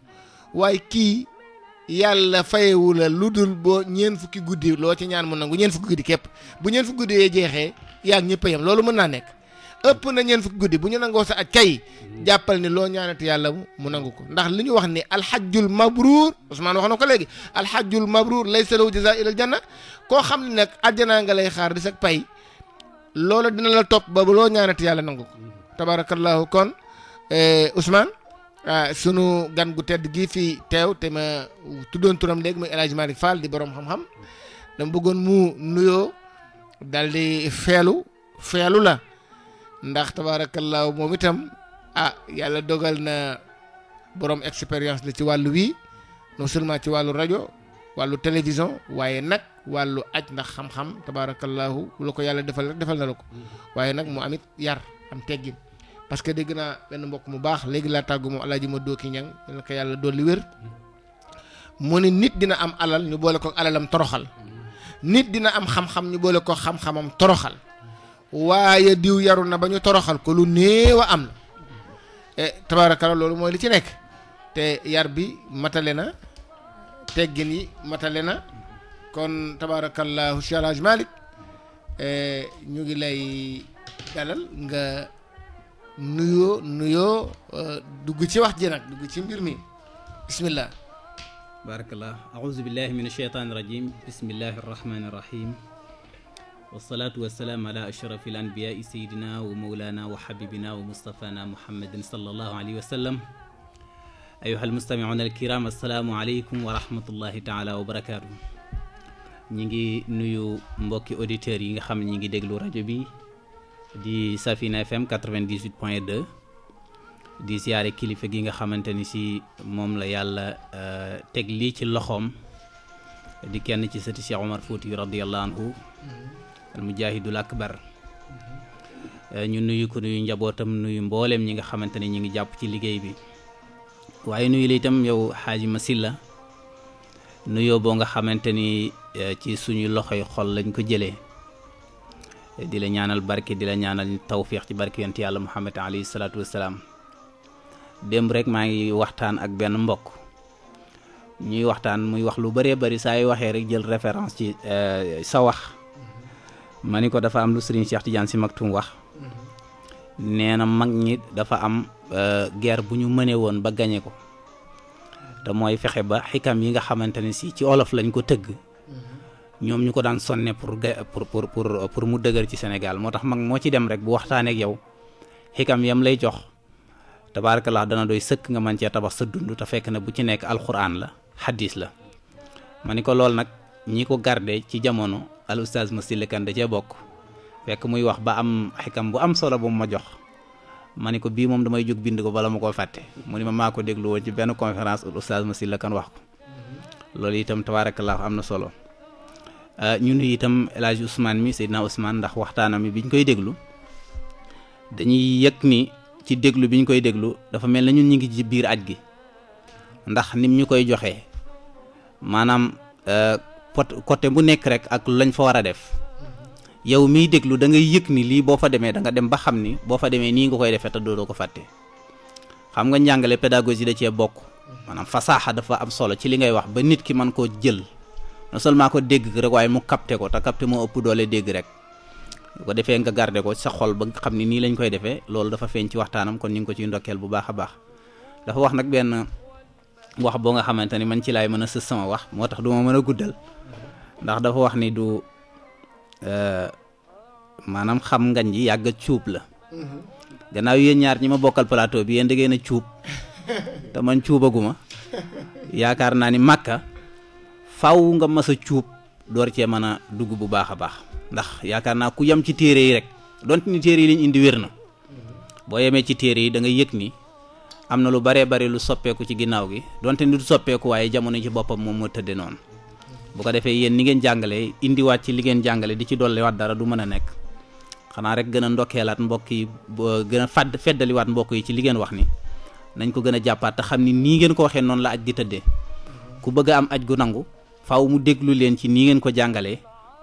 waaye kii yàlla fayewu la lu dul boo ñeen fukki guddi loo ci ñaan mu nangu ñeen fukki guddi képp bu ñeen fukki guddi yee jeexee yaa ngi ñëpp loolu mën naa nekk ëpp na ñeen fukki guddi bu ñu nangoo sa aj kay jàppal ni loo ñaanati yàlla mu nangu ko ndax li ñu wax ni alxajjul mabruur Ousmane wax na ko léegi alxajjul mabruur laysa lahu jazaa ilal janna koo xam ne nag àjjanaa nga lay xaar di sa pay loolu dina la topp ba loo ñaanati yàlla nangu ko tabaarakallaahu Ah, sunu gan gu tedd gii fi teew te ma tuddoon turam léegi muy El Hadj Malick di boroom xam-xam dama bëggoon mu nuyoo daal di feelu feelu la ndax tabaarakallaahu moom itam ah yàlla dogal na borom expérience la ci wàllu wii non seulement ci wàllu rajo wàllu télévision waaye nag wàllu aj ndax xam-xam tabaarakallaahu la ko yàlla defal rek defal na la ko mm-hmm. waaye nag mu amit yar am teggin parce que dégg naa benn mbokk mu baax léegi laa tàggu moom alaaji ma dooki ñang na ko yàlla li wér mu ne nit dina am alal ñu boole ko alalam toroxal nit dina am xam-xam ñu boole ko xam-xamam toroxal waaye diw yaru na ba ñu toroxal ko lu néew a am na e, tabaarakala loolu mooy li ci nekk te yar bi matale na teggin yi matale na kon tabaarakallaahu Cheikh Alhaaj Malick e, ñu ngi lay dalal nga نيو نيو euh, dugg ci wax ji nag بسم الله بارك الله أعوذ بالله من الشيطان الرجيم بسم الله الرحمن الرحيم والصلاة والسلام على أشرف الأنبياء سيدنا ومولانا وحبيبنا ومصطفانا محمد صلى الله عليه وسلم أيها المستمعون الكرام السلام عليكم ورحمة الله تعالى وبركاته نيجي نيو مبكي أوديتير ييغا نيجي ديغلو راديو di Safina FM 98.2 di ziaré kilifa gi nga xamanteni ci si moom la yàlla euh, tek li ci loxom di kenn ci sati Cheikh Omar Fouti radiyallahu anhu mhm. al mujahidul akbar mhm. euh, ñu nuyu ko nuyu njabotam nuyu mbollem ñi nga xamanteni ñi ngi japp ci liggey bi waye nuyu li tam yow haji Masilla, nuyo bo nga xamanteni euh, ci suñu loxoy xol lañ ko jëlee di la ñaanal barki di la ñaanal tawfiq ci barki yent yalla muhammad Ali salatu wasalaam dem rek ma ngi waxtaan ak ben mbokk ñuy waxtaan muy wax lu bëree bëri say waxe rek jël reference ci euh, sa wax maniko dafa am lu Serigne Cheikh Tidiane si maktum wax neena mag ñi dafa am euh, guerre bu ñu won woon ba gagner ko da moy fexé ba hikam yi nga xamanteni ci olof lañ ko teug ñoom ñu ko daan sonne pour pour pour pour pour mu dëgër ci Sénégal moo tax mag moo ci dem rek bu waxtaanee ak yow xikam yam lay jox tabaarakallah dana doy sëkk nga man cee tabax sa dund te fekk na bu ci nekk alxuraan la xadis la. ma ni ko lool nag ñi ko garde ci jamono al ustaaz Massyla Kane da cee bokk fekk muy wax ba am xikam bu am solo bu mu ma jox. ma ni ko bii moom damay jóg bind ko bala mu koo fàtte mu ni ma maa ko déglu woon ci benn conférence al ustaaz Massyla Kane wax ko mm-hmm. loolu itam tabaarakallah am na solo. Eh, ñu nuy itam El Hadj Ousmane mi Seydina Ousmane ndax waxtaanam mi biñ koy déglu dañuy yëg ni ci déglu biñ koy déglu dafa mel na ñun ñu ngi ci biir aj gi ndax nim ñu koy joxee maanaam eh, pot côté bu nekk rek ak lañ fa war a def yow miy déglu da ngay yëg ni lii boo fa demee da nga dem ba xam ni boo fa demee nii nga koy defee te doodoo ko fàtte xam nga njàngale pédagogie da cee bokk maanaam fasaaxa dafa am solo ci li ngay wax ba nit ki man koo jël non seulement ko dégg rek waaye mu capté ko te capté moo ëpp doole dégg rek ko defee nga garder ko sa xol ba xam ni nii lañ koy defee loolu dafa feeñ ci waxtaanam kon ñu ngi ko ciy ndokkeel bu baax a baax dafa wax nag benn wax bo nga xamante ni man ci laay mën a sama wax moo tax du ma mën a guddal ndax dafa wax ni du euh, maanaam xam ngañ ji yàgg cuub la gannaaw yéen ñaar ñi ma bokkal plateau bi yéen da ngeen a man cuubaguma yaakaar naa ni màkka faaw nga mës a cuub door cee mën a dugg bu baax a baax ndax yaakaar ku yam ci téere yi rek donte ni téere yi liñ indi wér na boo yemee ci téere yi da nga yëg ni am na lu baree bari lu soppeeku ci ginnaaw gi donte ni du soppeeku waaye jamono ci boppam moom mo tëdde noonu bu ko defee yéen ni ngeen indi indiwaat ci li ngeen jàngale di ci dolliwaat dara du mën a nekk rek gën a ndokkeelaat mbokk yi gën a fàdd feddaliwaat mbokk yi ci li ngeen wax ni nañ ko gën a jàppaat te ni ngeen ko waxee noonu la aj di tëddee ku bëgg am aj gu nangu faaw mu déglu leen ci ni ngeen ko jangale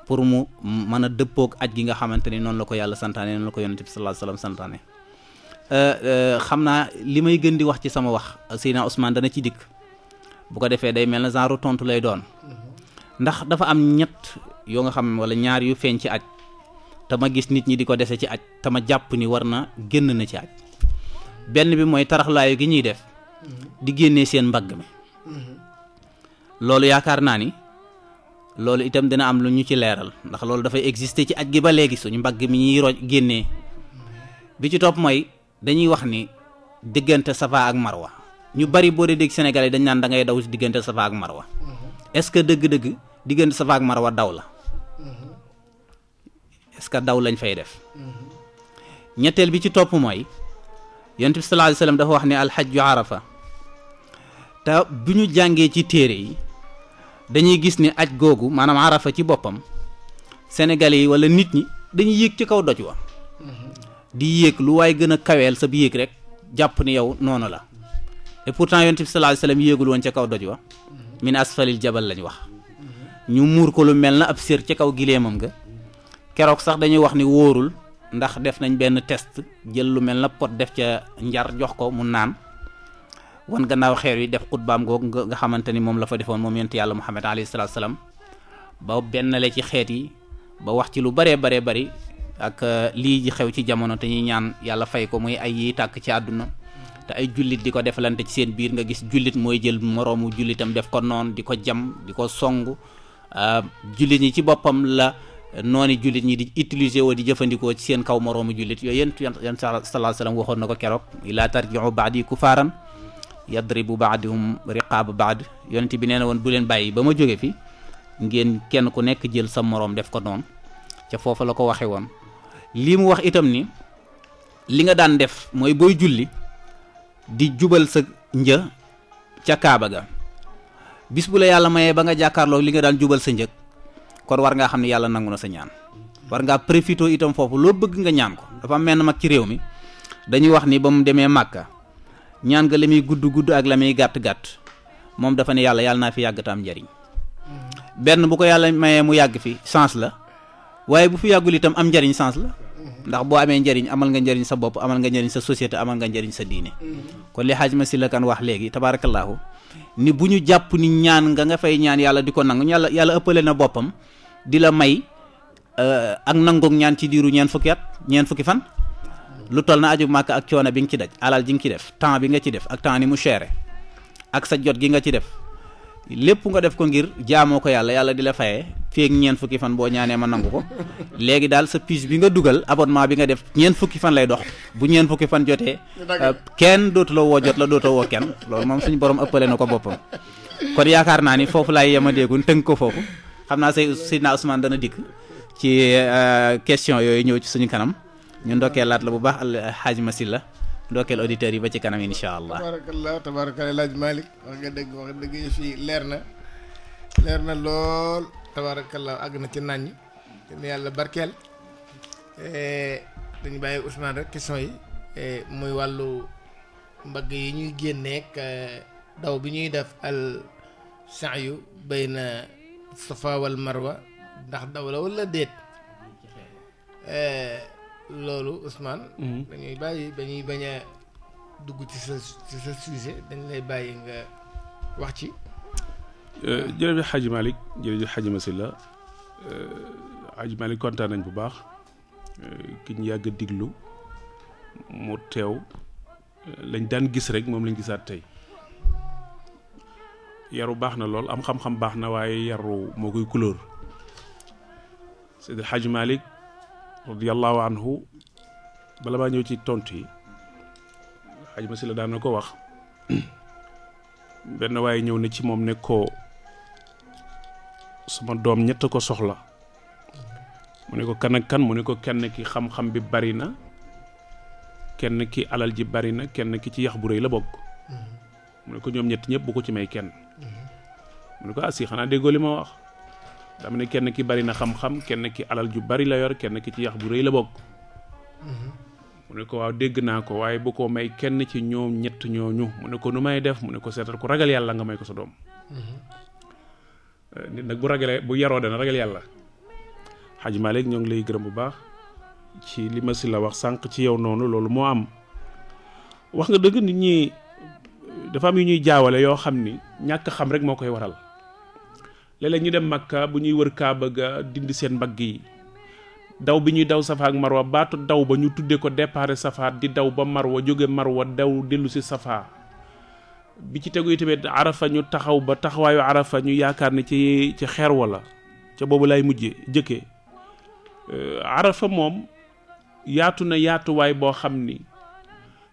pour mu mën a dëppoog aj gi nga xamante ni noonu la ko yàlla santaane noonu la ko yonente bi salaa salaam santaane euh, euh, xam naa li may gën di wax ci sama wax Seydina Ousmane dana ci dikk bu ko defee day mel na genre tontu lay doon ndax dafa am ñett yoo nga xam wala ñaar yu feeñ ci aj te ma gis nit ñi di ko dese ci aj te ma jàpp ni war na génn na ci aj benn bi mooy taraxlaayu gi ñuy def di génnee seen mbagg mi loolu yaakaar naa ni loolu itam dina am lu ñu ci leeral ndax loolu dafay exister ci aj gi ba léegi suñu mbagg mi ñuy roj génnee bi ci topp mooy dañuy wax ni diggante Safa ak Marwa ñu bari boo dégg Sénégal dañ naan da ngay daw si diggante Safa ak Marwa mhm. est-ce que dëgg-dëgg diggante Safa ak Marwa daw la mhm. est-ce que daw lañ fay def mhm. ñetteel bi ci topp mooy yonent bi sallallahu alayhi wa sallam dafa wax ne alxajju arafa te bu ñu jàngee ci téere yi dañuy gis ni aj googu maanaam arafa ci boppam sénégalais yi wala nit ñi dañuy yéeg ci kaw doj wa mm-hmm. di yéeg lu waaye gën a kaweel sa bi yéeg rek jàpp ni yow noonu la et pourtant yonent bi sallallahu alayhi wasallam yéegul woon ca kaw doj wa mm-hmm. min asfalil jabal lañ wax mm-hmm. ñu muur ko lu mel na ab sér ci kaw gileemam ga keroog sax dañuy wax ni wóorul ndax def nañ benn test jël lu mel na pot def ca njar jox ko mu naan wan gannaaw xeer yi def xutbaam googu nga xamante ni moom la fa defoon moom yonent yàlla Muhammad alayhi salaatu salaam ba benn la ci xeet yi ba wax ci lu baree baree bari ak uh, lii ji xew ci jamono te ñaan yàlla fay ko muy ay yi tàkk ci àdduna te ay jullit di ko defalante ci seen biir nga gis jullit mooy jël moroomu jullitam def ko noon di ko jam di ko song uh, jullit ñi ci boppam la nooni jullit ñi di utiliser woo di jëfandikoo ci seen kaw moroomu jullit yooyu yéen yéen sallallahu alayhi wasallam waxoon na ko keroog yadribu ba'dhum riqab ba'd yonent bi neena won bu len bayyi bama joge fi ngeen kenn ku nek jël sa morom def ko non ca fofu la ko waxe won limu wax itam ni li nga daan def moy boy julli di jubal sa nja ca kaaba ga bis bu la yalla maye ba nga jakarlo li nga daan jubal sa njëg kon war nga xamni yalla nanguna sa ñaan war nga profito itam fofu lo bëgg nga ñaan ko dafa mel ci rew mi dañuy wax ni bam démé makka ñaan nga gudu gudd gudd ak lamay gatt gatt mom dafa ne yalla yalla na fi yag tam jariñ benn bu ko yalla maye mu yag fi sens la waye bu fi yàggul itam am jariñ sens la ndax bo amé jariñ amal nga jariñ sa bop amal nga jariñ sa société amal nga jariñ sa diiné ko li ma kan wax tabarakallahu ni buñu japp ni ñaan nga nga fay ñaan yalla diko nang yalla yalla ëppalé na bopam di may euh ak nangok ñaan ci diiru ñaan fukki at ñaan fukki fan lu toll na aju màkk ak coono bi nga ci daj alal ji nga ki def temps bi nga ci def ak temps ni mu chéré ak sa jot gi nga ci def lépp nga def ko ngir jaamoo ko yàlla yàlla di la fayee fii ak fukki fan boo ñaanee ma nangu ko léegi daal sa bi nga dugal abonnement bi nga def ñeent fukki fan lay dox bu ñeent fukki fan jotee euh, kenn dootuloo woo jot la dootoo woo kenn loolu moom suñu borom ëppale na ko boppam kon yaakaar naa ni foofu laay yema déegun tëng ko foofu xam naa say Seydina Ousmane dana dikk ci euh, question yooyu ñëw ci suñu kanam ñu ndokkee laat la bu baax alxaaj masil la ndokkeel auditeurs yi ba ci kanam insha allah tabarakallah tabarakallah laaj Malick wax nga dëgg wax dëgg yëf yi leer na leer na lool tabarakallah àgg na ci nàññ yéen yàlla barkeel dañu bàyyi Ousmane rek question yi muy wàllu mbagg yi ñuy génneek daw bi ñuy def al sa'yu bayna safa wal marwa ndax daw la wala déet loolu Ousmane. Mhm. dañuy bàyyi dañuy bañ dugg ci sa ci sa sujet dañ lay bàyyi nga wax ci. Euh, jërëjëf Hadj Malick jërëjëf Hadj Masila euh, Hadj Malick kontaan nañ bu baax euh, ki ñu yàgg diglu mu teew lañ daan gis rek moom lañ gisaat tey yaru baax na lool am xam-xam baax na waaye yaru moo koy couleur c'est Hadj radiallahu anhu bala maa ñëw ci tontu yi xaj ma si la daan ko wax benn waaye ñëw na ci moom ne ko sama doom ñett ko soxla mu ne ko kan kan mu ne ko kenn ki xam-xam bi bari na kenn ki alal ji bari na kenn ki ci yax bu rëy la bokk mhm. mu ne ko ñoom ñett ñëpp bu ko ci may kenn mhm. mu ne ko ah si xanaa déggoo li ma wax dama ne kenn ki bari na xam-xam kenn ki alal ju bari la yor kenn ki ci yax bu rëy la bokk mm-hmm. mu ne ko waaw dégg naa ko waaye bu ko may kenn ci ñoom ñett ñooñu mu ne ko nu may def mu ne ko seetal ku ragal yàlla nga may ko sa doom mm-hmm. nit nag bu ragalee bu yaroo dana ragal yàlla xaj malik ñoo ngi lay gërëm bu baax ci li ma si la wax sànq ci yow noonu loolu moo am wax nga dëgg nit ñi dafa am yu ñuy jaawale yoo xam ni ñàkk xam rek moo koy waral léeg-léeg ñu dem Makka bu ñuy wër Kaaba ga dindi seen mbagg yi daw bi ñuy daw Safa ak Marwa baatu daw ba ñu tuddee ko déparé Safa di daw ba Marwa jóge Marwa daw dellu si Safa bi ci tegu yi tamit Arafa ñu taxaw ba taxawaayu Arafa ñu yaakaar ne ci ci xeer wala ca boobu lay mujje jëkkee euh, Arafa moom yaatu na yaatuwaay boo xam ni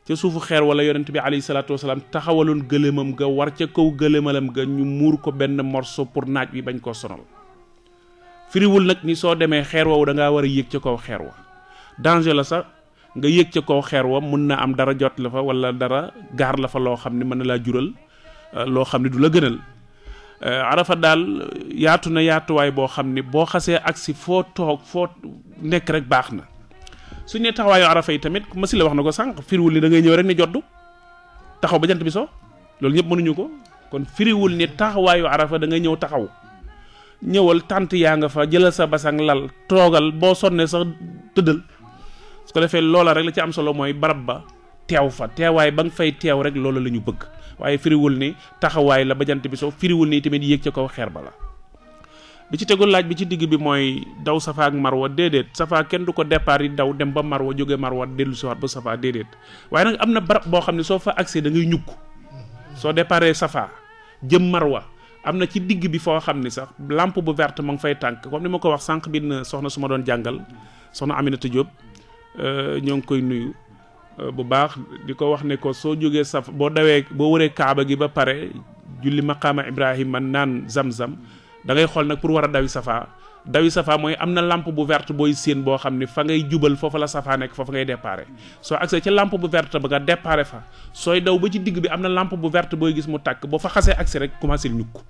ci suufu xeer wala yonent bi alayhi salaatu wasalaam taxawalon gëlëmam ga war ca kaw gëlëmalam ga ñu muur ko benn morceau pour naaj bi bañ ko sonal firiwul nag ni soo demee xeer woowu da ngaa war a yéeg ca kaw xeer wa danger la sa nga yéeg ca kaw xeer wa mun na am dara jot la fa wala dara gaar la fa loo xam ne mën na laa jural loo xam ne du la gënal arafa daal yaatu na yaatuwaay boo xam ne boo xasee agsi foo toog foo nekk rek baax na suñ ne taxawaayu arafa yi tamit masi la wax na ko sànq firiwul ni da ngay ñëw rek ni joddu taxaw ba jant bi so loolu ñëpp mënuñu ko kon firiwul ni taxawaayu arafa da ngay ñëw taxaw ñëwal tànt yaa nga fa jëlal sa basang lal toogal boo sonnee sax tëddal su ko defee loola rek la ci am solo mooy barab ba teew fa teewaay ba nga fay teew rek loola la ñu bëgg waaye firiwul ni taxawaay la ba jant bi so firiwul ni tamit yéeg ca kaw xeer ba la bi ci tegul laaj bi ci digg bi mooy daw safa ak marwa déedéet safa kenn du ko départ yi daw dem ba marwa jóge marwa dellu siwaat ba safa déedéet waaye nag am na barab boo xam ne soo fa accès da ngay ñukk soo déparé safa jëm marwa am na ci digg bi foo xam ne sax làmp bu verte ma ngi fay tànk comme ni ma ko wax sànq bi na soxna su ma doon jàngal soxna Aminata Diop euh, ñoo ngi koy nuyu euh, bu baax di ko wax ne ko soo jógee safa boo dawee boo wëree kaaba gi ba pare julli maqaama Ibrahima naan zam-zam da ngay xool nag pour war a dawi safaa dawi safaa mooy am na làmp bu verte booy séen boo xam ni fa ngay jubal foofa la safaa nekk foofa ngay déparé soo accès ci lampe bu verte ba nga déparé fa sooy daw ba ci digg bi am na lampe bu verte booy gis mu tàkk boo fa xasee accès rek commencé ñukk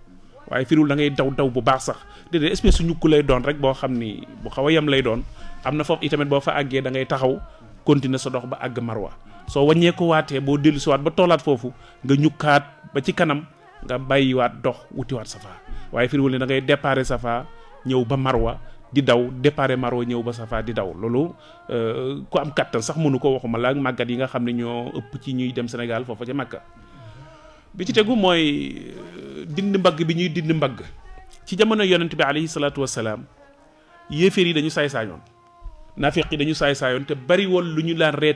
waaye firiwul da ngay daw daw bu baax sax déedéet espèce doon rek boo xam ni bu xaw a yem lay doon am na foofu itamit boo fa àggee da ngay taxaw continuer sa dox ba àgg marwa soo wàññeeku waatee boo dellusiwaat ba toolaat foofu nga ñukkaat ba ci kanam nga bàyyiwaat dox wutiwaat safaa waaye firiwul ne da ngay déparé safa ñëw ba marwa di daw déparé marwa ñëw ba safa di daw loolu euh, ku am kattan sax mënu ko waxuma la màggat yi nga xam ne ñoo ëpp ci ñuy dem sénégal foofa ca màkka bi ci tegu mooy euh, dind mbagg bi ñuy dind mbagg ci jamono yonent bi alayhi salatu yi dañu nafiq dañu saay saayoon te bari woon lu ñu daan yi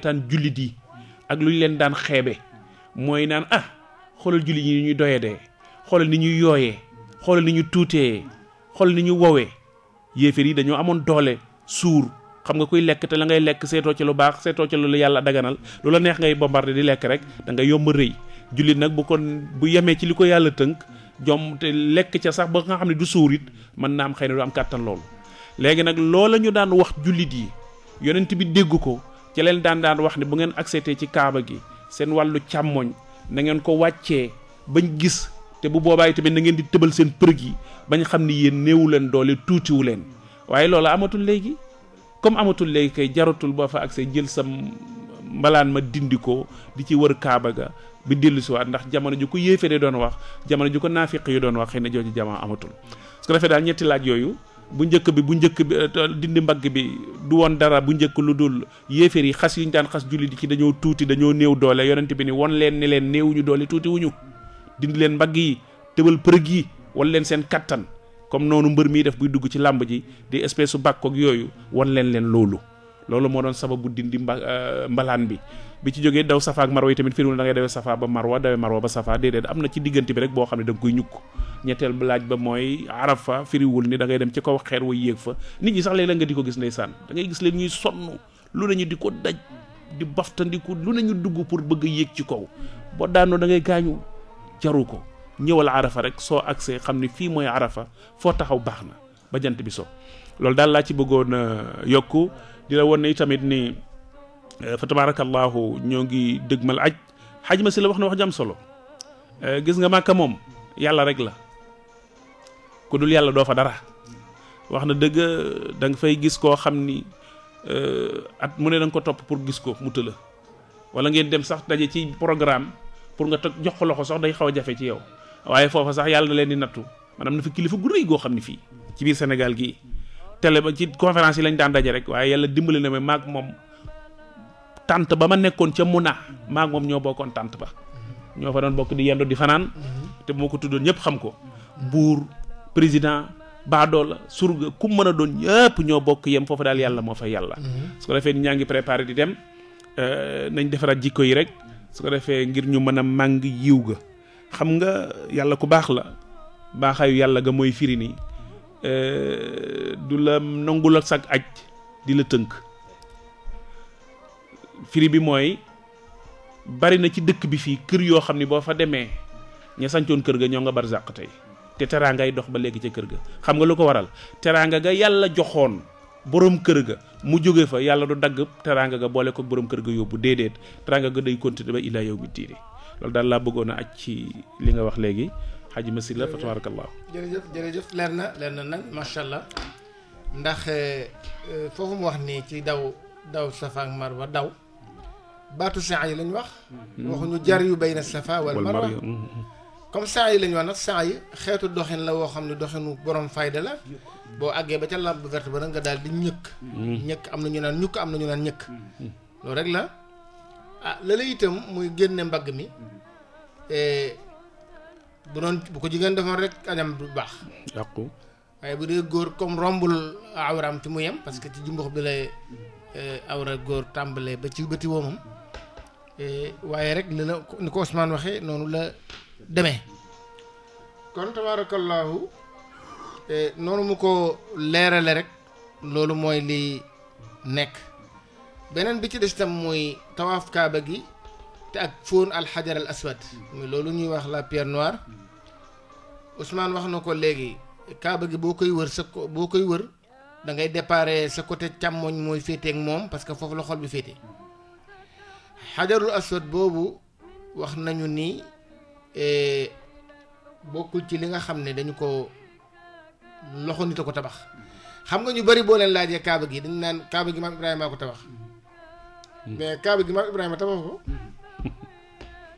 ak ah xoolal jullit yi ñuy doyadee xoolal ni ñuy xoolal ni ñu tuutee xool ni ñu wowee yéeféer yi dañoo amoon doole suur xam nga kuy lekk te la ngay lekk seetoo ci lu baax seetoo ca lu yàlla daganal lu la neex ngay bombardé di lekk rek da nga yomb rëy jullit nag bu kon bu yemee ci li ko yàlla tënk jom te lekk ca sax ba nga xam ne du suur it mën na am xëy na du am kàttan loolu léegi nag loola ñu daan wax jullit yi yonent bi dégg ko ci leen daan daan wax ne bu ngeen accepté ci kaaba gi seen wàllu càmmoñ na ngeen ko wàccee bañ gis te bu boobaa tamit na ngeen di tëbal seen pergi yi bañ xam ni yéen néewu leen doole wu leen waaye loolu amatul léegi comme amatul léegi kay jaratul boo fa jël sa mbalaan ma dindi di ci wër kaaba ga bi dellusiwaat ndax jamono ju ko yéefere doon wax jamono ju ko naafiq yi doon wax xëy na jooju jamono amatul su que defee daal ñetti laaj yooyu bu njëkk bi bu njëkk bi euh, dindi mbagg bi du won dara bu njëkk lu dul yi xas yuñ daan xas julli di ci dañoo tuuti dañoo néew doole yonent bi ni won leen ne leen néewuñu doole tuuti wuñu dindi leen mbagg yi tëbal përëg yi wan seen kattan comme noonu mbër mii def buy dugg ci làmb ji di espèce su bàkkoog yooyu wan leen leen loolu loolu moo doon sababu dindi mba euh, mbalaan bi bi ci jógee daw safa ak marwa yi tamit firiwul da ngay dawee safa ba marwa dawee marwa ba safa déedéet am na ci diggante bi rek boo xam ne da nga koy ñukk ñetteel laaj ba mooy arafa firiwul ni da ngay dem ci kaw xeer wa yéeg fa nit ñi sax léeg-léeg nga di ko gis ndeysaan da ngay gis leen ñuy sonn lu nañu di ko daj di baftandiku lu nañu dugg pour bëgg yéeg ci kaw da jaru ko ñëwal arafa rek soo agsee xam ni fii mooy arafa foo taxaw baax na ba jant bi so loolu daal laa ci bëggoon euh, yokku di la won ne tamit ni euh, fa tabarakallahu ñoo ngi dëgmal aj xaj ma si la wax na wax jam solo euh, gis nga màkka moom yàlla rek la ku dul yàlla doo fa dara wax na dëgg da fay gis koo xam ni at mu ne da ko topp pour gis ko mu tëla wala ngeen dem sax daje ci programme pour nga tok jox ko loxo sax day xawa jafé ci yow waye fofu sax yalla da leen di manam na fi kilifa gu reuy go xamni fi ci bir senegal gi télé ba ci conférence yi lañ daan dajé rek waye yalla dimbali na may mom tante ba ma nekkon ci Muna mag mom ño bokon tante ba ño fa don bok di yendo di fanan té moko ko tuddoon xam ko bour président baadoola surga ku meuna don doon ño bok yem fofu dal yalla mo fa yalla mhm. su ko defee ni ñaa di dem euh, nañ defara jikko yi rek su ko defee ngir ñu mën a màng yiw ga xam nga yàlla ku baax la baaxaayu yàlla ga mooy firi nii euh, du la nangul ak sag aj di la tënk firi bi mooy bari na ci dëkk bi fii kër yoo xam ni boo fa demee ña sancoon kër ga ñoo nga barzàq tey te teraangay dox ba léegi ca kër ga xam nga lu ko waral teraanga ga yàlla joxoon boroom kër ga mu jóge fa yàlla du dagg teraanga ga boole ko boroom kër ga yóbbu déedéet teraanga ga day continuer ba illa yow bi diine loolu daal laa bëggoon a aj ci li nga wax léegi xaj ma si la fa tabarakallah jërëjëf jërëjëf leer na leer na nag macha allah ndax euh, foofu mu wax nii ci daw daw safa ak ba daw baatu saa yi lañu wax mm-hmm. waxuñu jar yu bay na safa wal marwa mm-hmm. comme saa yi lañ wax nag saa yi xeetu doxin la woo xam ne doxinu borom fayda la boo àggee ba ca lampe verte ba nag nga daal di ñëkk. Mm. ñëkk am na ñu naan ñukk am na ñu naan ñëkk. Mm. loolu rek la ah la itam muy génne mbagg mi mm. eh, bu doon bu ko jigéen defoon rek anam bu baax. yàqu waaye bu dee góor comme rombul awraam fi mu yem parce que ci jumbux bi lay eh, awra góor tàmbalee ba ci bëti woomam eh, waaye rek li la ni ko Ousmane waxee noonu la demee kon tabaarakallaahu noonu mu ko leerale rek loolu mooy li nekk beneen bi ci des tam mooy tawaaf kaaba gi te ak fóon alxajar al aswad muy loolu ñuy wax la pierre noire Ousmane wax na ko léegi kaaba gi boo koy wër sa ko boo koy wër da ngay déparé sa côté càmmoñ mooy féete moom parce que foofu la xol bi féete xajarul aswad boobu wax nañu ni eh, bokkul ci li nga xam ne dañu ko loxo nit a ko tabax xam nga ñu bari boo leen laajee kaaba gi dañu naan kaaba gi maam Ibrahima ko tabax mm. mais kaaba gi maam Ibrahima tabax ko mm.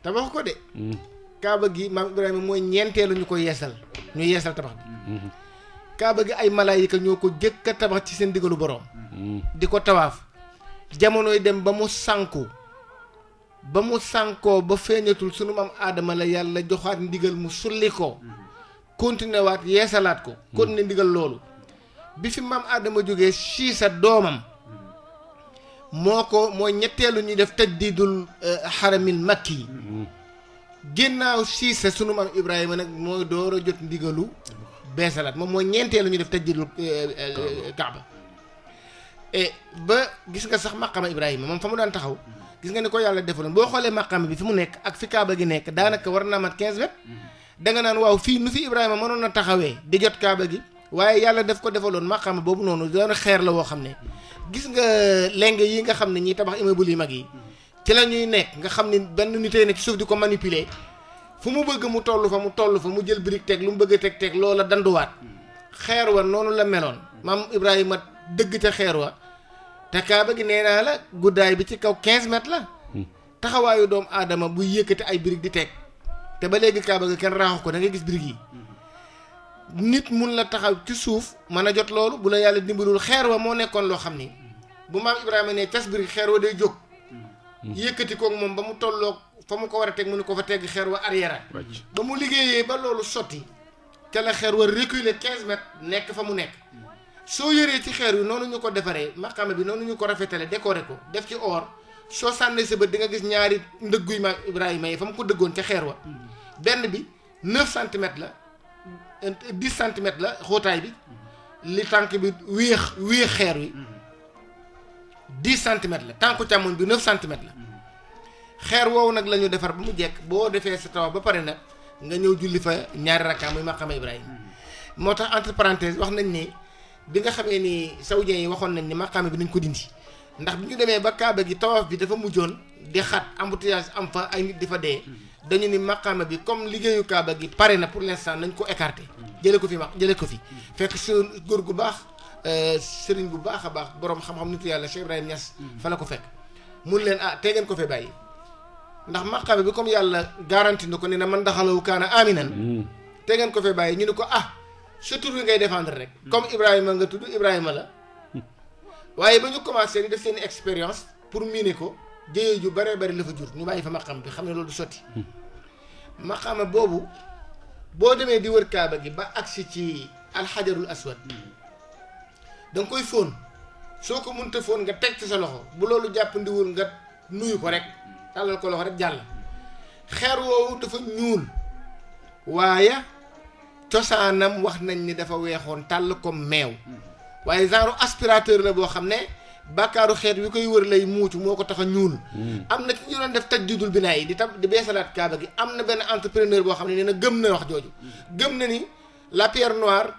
tabax ko de mm. kaaba gi maam Ibrahima mooy ñeenteelu ñu ko yeesal ñu yeesal tabax bi mm-hmm. kaaba gi ay malaayika ñoo ko jëkk a tabax ci seen digalu boroom mm-hmm. di ko tawaaf jamonoy dem ba mu sànku ba mu sankoo ba feeñatul sunu maam aadama la yàlla joxaat ndigal mu sulli ko mm-hmm. continuer waat yeesalaat ko continuer ndigal loolu bi fi maam Adama jógee siisa doomam moo ko mooy ñetteelu ñuy def tajdiidul eh, xaramin makki yi ginnaaw siisa sunu maam Ibrahima nag mooy door a jot ndigalu beesalaat moom mooy ñeenteelu ñuy def tajdiidul eh, eh, kaaba e, ba gis nga sax maqama Ibrahima moom fa mu daan taxaw gis nga ni ko yàlla defaloon boo xoolee maqama bi fi mu nekk ak fi kaaba gi nekk daanaka war naa mat quinze mètres danga naan waaw fii nu fi Ibrahima mënoon a taxawee di jot kaaba gi waaye yàlla daf ko defaloon maqaama boobu noonu doon xeer la woo xam ne gis nga lenge yi nga xam ne ñii tabax immeuble yu mag yi ci la ñuy nekk nga xam ne benn nitee ne ci suuf di ko manipuler fu mu bëgg mu toll fa mu toll fa mu jël brique teg lu mu bëgg a teg teg loola danduwaat xeer wa noonu la meloon maam Ibrahima dëgg ca xeer wa te kaaba gi nee naa la guddaay bi ci kaw 15 mètres la hmm. taxawaayu doomu aadama buy yëkkati ay brique di teg te ba léegi kaaba ga kenn raaxu ko da ngay gis birig yi nit mun la taxaw ci suuf mën a jot loolu bu la yàlla dimbalul xeer wa moo nekkoon loo xam ni bu maam Ibrahima ne cas birig xeer wa day jóg. yëkkati koog moom ba mu tolloog fa mu ko war a teg mu ne ko fa teg xeer wa arrière. ba mu liggéeyee ba loolu sotti te la xeer wa reculer 15 mètres nekk fa mu nekk. soo yëree ci xeer wi noonu ñu ko defaree maqaama bi noonu ñu ko rafetale décoré ko def ci or. soo sànnee sa bët di nga gis ñaari ndëgguy ma Ibrahima yi fa mu ko dëggoon ca xeer wa benn bi neuf centimètres la dix centimètres la xootaay bi li tànk bi wéex wéex xeer wi dix centimètres la tànku càmmoñ bi neuf centimètres la xeer woowu nag la ñu defar ba mu jekk boo defee sa tawaaf ba pare nag nga ñëw julli fa ñaari rakkaa muy maqama ibrahim moo tax entre wax nañ ni bi nga xamee ni saoudiens yi waxoon nañ ni maqama bi nañ ko dindi ndax bi ñu demee ba kaaba gi tawaaf bi dafa mujjoon di xat embouteillage am fa ay nit di fa dee mm-hmm. dañu ni maqaama bi comme liggéeyu kaaba gi pare na pour l'instant nañ ko écarté mm-hmm. jële ko fi ma jële ko fi mm-hmm. fekk si góor gu baax euh, sëriñ bu baax a baax borom xam-xam nitu yàlla Cheikh Ibrahima Niass fa la ko fekk mun leen ah tey ngeen ko fee bàyyi ndax maqaama bi comme yàlla garanti na ko ne na man daxalawu kaana aminan tey ngeen ko fee bàyyi ñu ne ko ah sa tur wi ngay défendre rek comme Ibrahima nga tudd Ibrahima la waaye ba ñu commencé di def seen expérience pour miné ko jëye ju bare bari la fa jur ñu bàyyi fa maqam bi xam ne loolu hmm. maqama boobu di wër kaaba gi ba agsi ci alxajarul aswad hmm. da nga koy fóon soo ko munta fóon nga teg ci sa loxo bu loolu jàppandiwul nga nuyu ko rek tàllal ko loxo rek jàll xeer woowu dafa ñuul waaye cosaanam wax nañ ni dafa weexoon tàll ko meew hmm. waaye genre aspirateur la boo xam ne bàkkaaru xeet wi koy wër lay muucu moo ko tax a ñuul. Hmm. am na ci ñu doon def tajjudul binaay yi di tam di beesalaat kaaba gi am na benn entrepreneur boo xam ne nee na gëm na wax jooju. Hmm. gëm na ni la pierre noire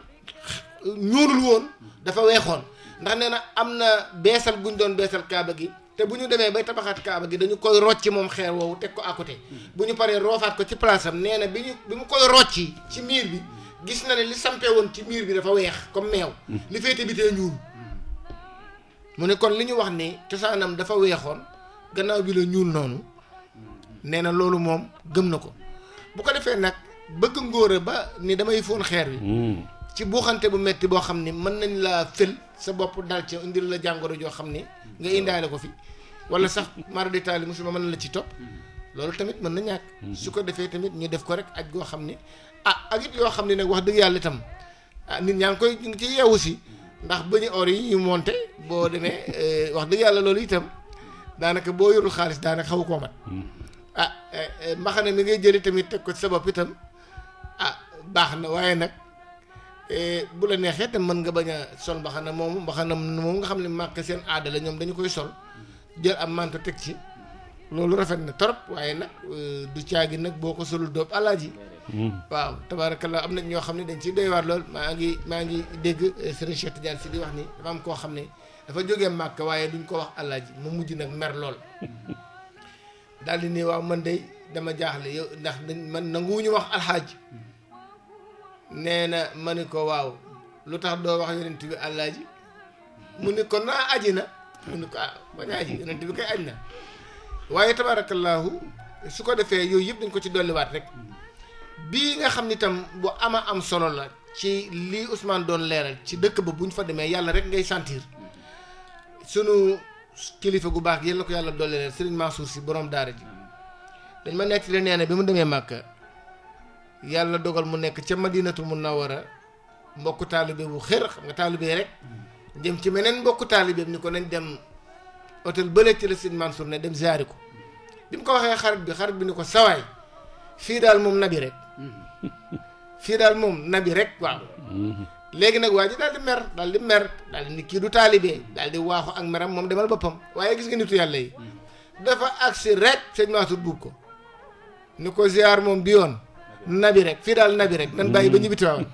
ñuulul woon dafa weexoon ndax nee na am na beesal guñ doon beesal kaaba gi. te bu ñu demee bay tabaxaat kaaba gi dañu koy rocci moom xeer woowu teg ko à côté hmm. bu ñu paree roofaat ko ci place am nee na bi ñu bi mu koy rocci ci miir bi. gis na ne li sampee woon ci miir bi dafa weex comme meew li féete bi tee ñuul mu ne kon li ñu wax ne cosaanam dafa weexoon gannaaw bi la ñuul noonu nee na loolu moom gëm na ko bu ko defee nag bëgg ngóora ba ni damay foon xeer wi hmm. ci buuxante bu metti boo xam ne mën nañ laa fël sa bopp dal ci indil la jàngoro joo xam ne nga hmm. indaale ko fi wala sax maradi taali musuma mën na la ci topp hmm. loolu tamit mën na ñàkk su ko defee tamit ñu def ko rek aj goo xam ne ah ak it yoo xam ne nag wax dëgg yàlla itam ah nit ñaa ngi koy ñu ngi ci yeewu si ndax bëñu or yi ñu monte boo demee eh, wax dëgg yàlla loolu itam daanaka boo yorul xaalis daanaka xaw koo mat hmm. ah eh, eh, mbaxana mi ngay jëli tamit teg ko sa bopp itam ah baax na waaye nag bu la neexee tam mën nga bañ a sol mbaxana moomu mbaxana moom nga xam ne màkk seen aadala ñoom dañu koy sol jël am manto teg ci loolu rafet na trop waaye nag euh, du caagi nag boo ko solul doob alaaji hmm. waaw la am nañ ñoo xam ne dañ ciy doy lool maa ngi maa ngi dégg euh, Serigne Cheikh Tidiane si di wax ni dafa am koo xam ne dafa jóge màkk waaye duñ ko wax alaaji mu mujj nag mer lool daal di ne waaw man de dama jaaxle yow ndax dañ man ñu wax alxaaj nee na ma ni ko waaw lu tax doo wax yonent bi alaaji mu ni ko naa aji na mu ni ko ah bañ yonent bi kay aj na waaye tabaarakallaahu su ko defee yooyu yëpp dañ ko ci dolliwaat rek bii nga xam ni tam bu ama am solo la ci li Ousmane doon leeral ci dëkk ba bu ñu fa demee yàlla rek ngay sentir sunu kilifa gu baax yal na ko yàlla dolli leen Serigne Mansour si borom daara ji dañ ma nekk di nee na bi mu demee Màkka yàlla dogal mu nekk ca Madinatul Munawwara mbokku taalibe bu xër xam nga taalibe rek dem ci meneen mbokku taalibe ni ko nañ dem. hôtel bële ci la sëñ Mansour ne dem ziare ko bi mu ko waxee xarit bi xarit bi ni ko sawaay fii daal moom nabi rek fii daal moom nabi rek waaw léegi nag waa ji daal di mer daal di mer daal di ni kii du taalibee daal di waaxu ak meram moom demal boppam waaye gis nga nitu yàlla yi dafa agsi rek sëñ Mansour buub ko ni ko ziar moom bi yoon nabi rek fii daal nabi rek nan bàyyi ba ñibbi Tiwaawan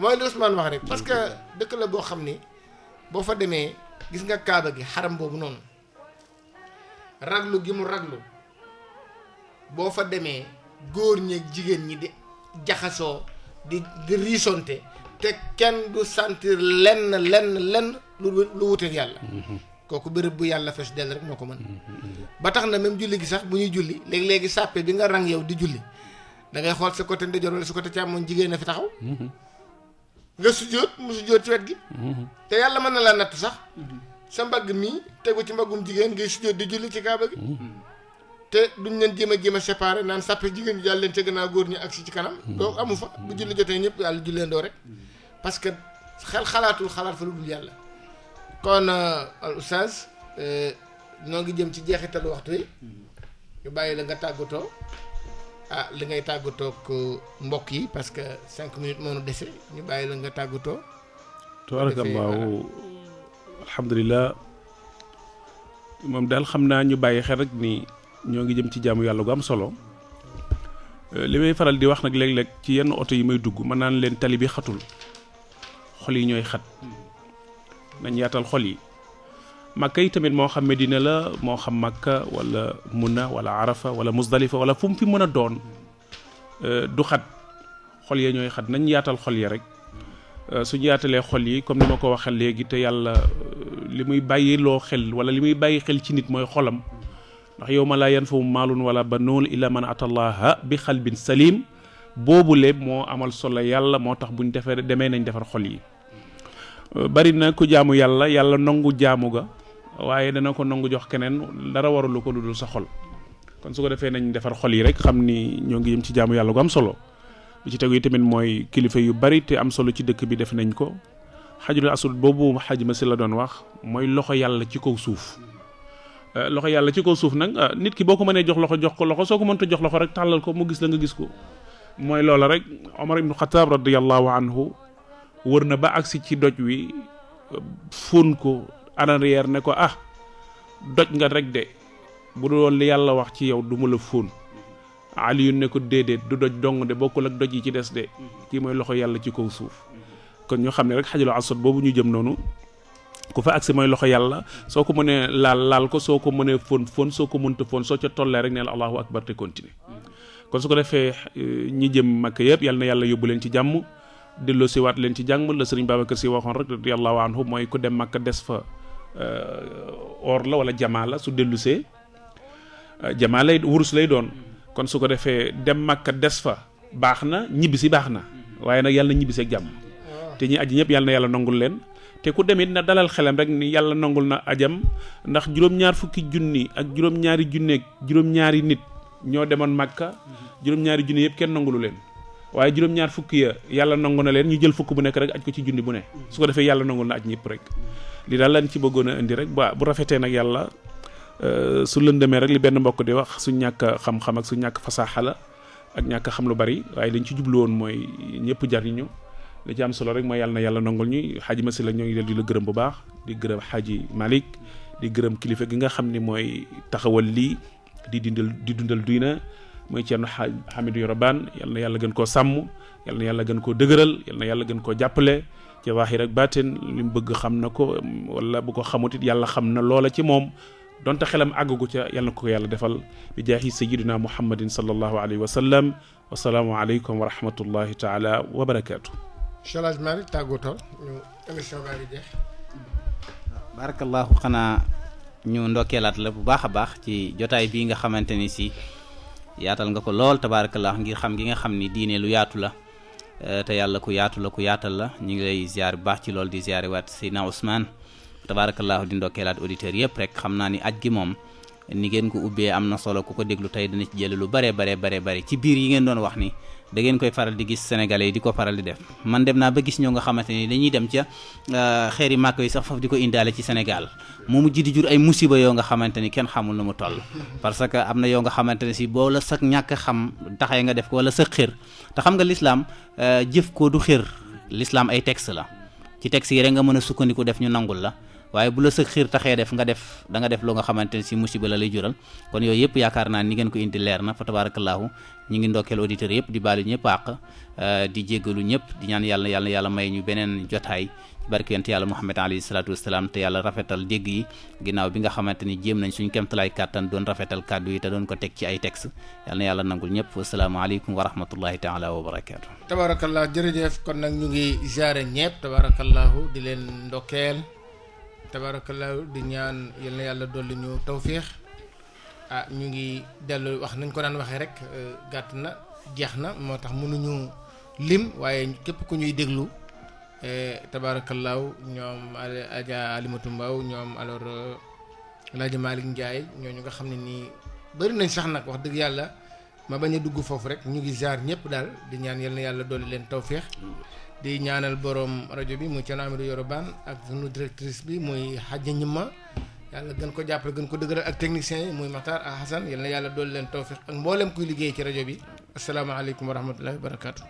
mooy li Ousmane wax rek parce que dëkk la boo xam ni boo fa demee gis nga kaaba gi xaram boobu noonu raglu gi mu raglu boo fa demee góor ñeeg jigéen ñi di jaxasoo di di riisonte te kenn du sentir lenn lenn lu lu wuteeg yàlla mhm. kooku bërëb bu yàlla fees dell rek moo ko mën mhm, mhm, ba tax na même julli gi sax bu ñuy julli léegi-léegi sàppe bi nga ran yow di julli da ngay xool sa côté ndeyjoor wala sa côté càmmoñ jigéen a fi taxaw nga sujjóot mu sujjóot ci wet gi. Mm-hmm. te yàlla mën na laa natt sax. sa mbagg mii tegu ci mbaggum jigéen ngay sujjóot di julli ci kaaba gi. Mm-hmm. te duñ leen jéem a jéem a séparé naan sàppe jigéen ñi daal leen ca gannaaw góor ñi ak si ci kanam. Mm-hmm. donc amu fa bu julli jotee ñëpp yàlla julleendoo rek. parce que xel xalaatul xalaat fa lu dul yàlla. kon euh, al oustaz euh, noo ngi jëm ci jeexitalu waxtu yi. ñu bàyyi la nga tàggatoo. ah li ngay tàggatoo mbokk yi parce que cinq minutes moo nu dese ñu bàyyi la nga tàggatoo. tabaarakallaahu alhamdulilah moom daal xam naa ñu bàyyi xel rek ni ñoo ngi jëm ci jaamu yàlla gu am solo. Euh, li may faral di wax nag léeg-léeg ci yenn oto yi may dugg ma naan leen tali bi xatul xol yi ñooy xat nañ yaatal xol yi. مكي تمين موخا مدينة لا موخا مكة ولا منى ولا عرفة ولا مزدلفة ولا فم في منى دون دوخات خليا نيو خات نان ياتال خليا رك سو ياتالي خلي كوم نيما كو واخا ليغي تي يالا لي موي بايي لو خيل ولا لي موي بايي خيل تي نيت موي خولم واخ يوم لا ينفو مال ولا بنون الا من اتى الله بقلب سليم بوبو لي مو امال سولا يالا موتاخ بون ديفار ديمي نان ديفار خلي bari na ku jaamu yalla yalla nongu jaamu ga waaye dana ko nangu jox keneen dara warulu ko lu dul sa xol kon su ko defee nañ defar xol yi rek xam ni ñoo ngi jëm ci jaamu yàlla gu am solo bi ci tegu yi tamit mooy kilifa yu bari te am solo ci dëkk bi def nañ ko xajul asud boobu xaj ma si la doon wax mooy loxo yàlla ci kaw suuf loxo yàlla ci kaw suuf nag nit ki boo ko mënee jox loxo jox ko loxo soo ko mënta jox loxo rek tàllal ko mu gis la nga gis ko mooy loola rek omar ibnu xataab radiallahu anhu wër na ba agsi ci doj wi fóon ko en arrière ne ko ah doj nga rek de bu dul woon li yàlla wax ci yow du ma la fóon Aliyun ne ko déedéet du doj dong de bokkul ak doj yi ci des de kii mooy loxo yàlla ci kaw suuf kon ñu xam ne rek xajalu asot boobu ñu jëm noonu ku fa agsi mooy loxo yàlla soo ko mënee laal laal ko soo ko mënee fóon fóon soo ko mënta fóon soo ca tollee rek neel allahu akbar te continue kon su ko defee eh, ñi jëm makk yëpp yàlla na yàlla yóbbu leen ci jàmm delloo leen ci jàmm la sëriñ Babacar Si waxoon rek radiallahu anhu mooy ku dem makka des fa Euh, or la wala jamaa la su dellusee euh, jamaa lay wurus lay doon kon su ko defee dem Makka des fa baax na ñibbisi baax na waaye nag yàlla na ñibbisi jàmm te ñi aji ñëpp yàlla na yàlla nangul leen te ku demit na dalal xelam rek ni yàlla nangul na ajam ndax juróom-ñaar fukki junni ak juróom-ñaari junneeg juróom-ñaari nit ñoo demoon Makka juróom-ñaari junni yëpp kenn nangulu leen waaye juróom-ñaar fukki ya yàlla nangu na leen ñu jël fukk bu nekk rek aj ko ci junni bu ne su ko defee yàlla nangul na aj ñëpp rek li daal lañ ci bëggoon a indi rek bu rafetee nag yàlla euh, su lëndëmee rek li benn mbokk di wax su ñàkk xam-xam ak su ñàkk fasaaxa la ak ñàkk xam lu bari waaye liñ ci jublu mooy ñëpp jariñu li ci am solo rek mooy yàlla na yàlla nangul ñuy xaaji Masila ñoo ngi del di la gërëm bu baax di gërëm xaaji Malick di gërëm kilifa gi nga xam ni mooy taxawal lii di dindal di dundal duyna mooy Thierno Hamidou Yoroban yal na yàlla gën koo sàmm yàlla gën koo dëgëral yàlla gën koo jàppale ci waaxir ak baatin li mu bëgg xam na ko wala bu ko xamut it yàlla xam na loola ci moom donte xelam àggagu ca yàlla ko yàlla defal bi jaaxi sayiduna muhammadin sallallahu alayhi wa sallam wasalaamu aleykum wa rahmatullahi taala wa barakaatu chalage mari tàggootal ñu émission baa jeex barakallahu xanaa ñu ndokkeelaat la bu baax baax ci jotaay bii nga xamante si yaatal nga ko lool tabaarakallah ngir xam gi nga xam ni diine lu yaatu la Eh, te yàlla ku yaatu la ku yaatal la ñu ngi lay ziar bu baax ci loolu di ziare waat Seydina Ousmane tabaarakallaahu di ndokkeelaat auditeurs yëpp rek xam naa ni aj gi moom ni ngeen ko ubbee am na solo ku ko déglu tey dana ci jële lu bare bare bare bare ci biir yi ngeen doon wax ni da ngeen koy faral di gis sénégalais yi di ko faral di def man dem naa ba gis ñoo nga xamante ni dañuy dem ca euh, xeeri màkk yi sax foofu di ko indaale ci Sénégal mu mujj di jur ay musiba yoo nga xamante ni kenn xamul nu mu toll parce que am na yoo nga xamante ne si boo la sa ñàkk xam taxee nga def ko wala sa xër te xam nga lislaam euh, jëf ko du xër lislaam ay texte la ci texte yi rek nga mën a sukkandiku def ñu nangul la waaye bu la sa xir taxee def nga def da nga def longa nga xamante ne si musiba la lay jural kon yooyu yëpp yaakaar naa ni ngeen ko indi leer na fa tabaarakallaahu ñi ngi ndokkeel auditeur yëpp di baalu ñëpp àq euh, di jéggalu ñëpp di ñaan yàlla yàlla yàlla may ñu beneen jotaay barke yent yàlla muhammad alayhi salatu wasalaam te yàlla rafetal dégg yi ginnaaw bi nga xamante ni jéem nañ suñ kemtalaay kàttan doon rafetal kàddu yi te doon ko teg ci ay texte yàlla na yàlla nangul ñëpp wasalaamaaleykum wa rahmatullahi taala wa barakaatu tabarakallah jërëjëf kon nag ñu ngi jaare ñëpp tabarakallahu di leen ndokkeel tabaarakallaahu di ñaan yal na yàlla dolli ñu tawféex ah ñu ngi dellu wax nañ ko daan waxee rek euh, gàtt na jeex na moo tax mënuñu lim waaye képp ku ñuy déglu euh, tabaarakallaahu ñoom Adja Alimatu Mbaw ñoom alors euh, Alaaji Malick Ndiaye ñu nga xam ne nii bëri nañ sax nag wax dëgg yàlla ma bañ a dugg foofu rek ñu ngi jaar ñëpp daal di ñaan yal na yàlla dolli leen tawféex di ñaanal borom rajo bi muy Thierno Hamidou Yoro Bane ak sunu directrice bi muy Hadji Ñima yàlla gën ko jàppale gën ko dëgëral ak techniciens yi muy Matar ak Hassan yal na yàlla dool leen tawfiq ak mboolem kuy liggéey ci rajo bi asalaamaaleykum wa rahmatullahi wa barakaatu.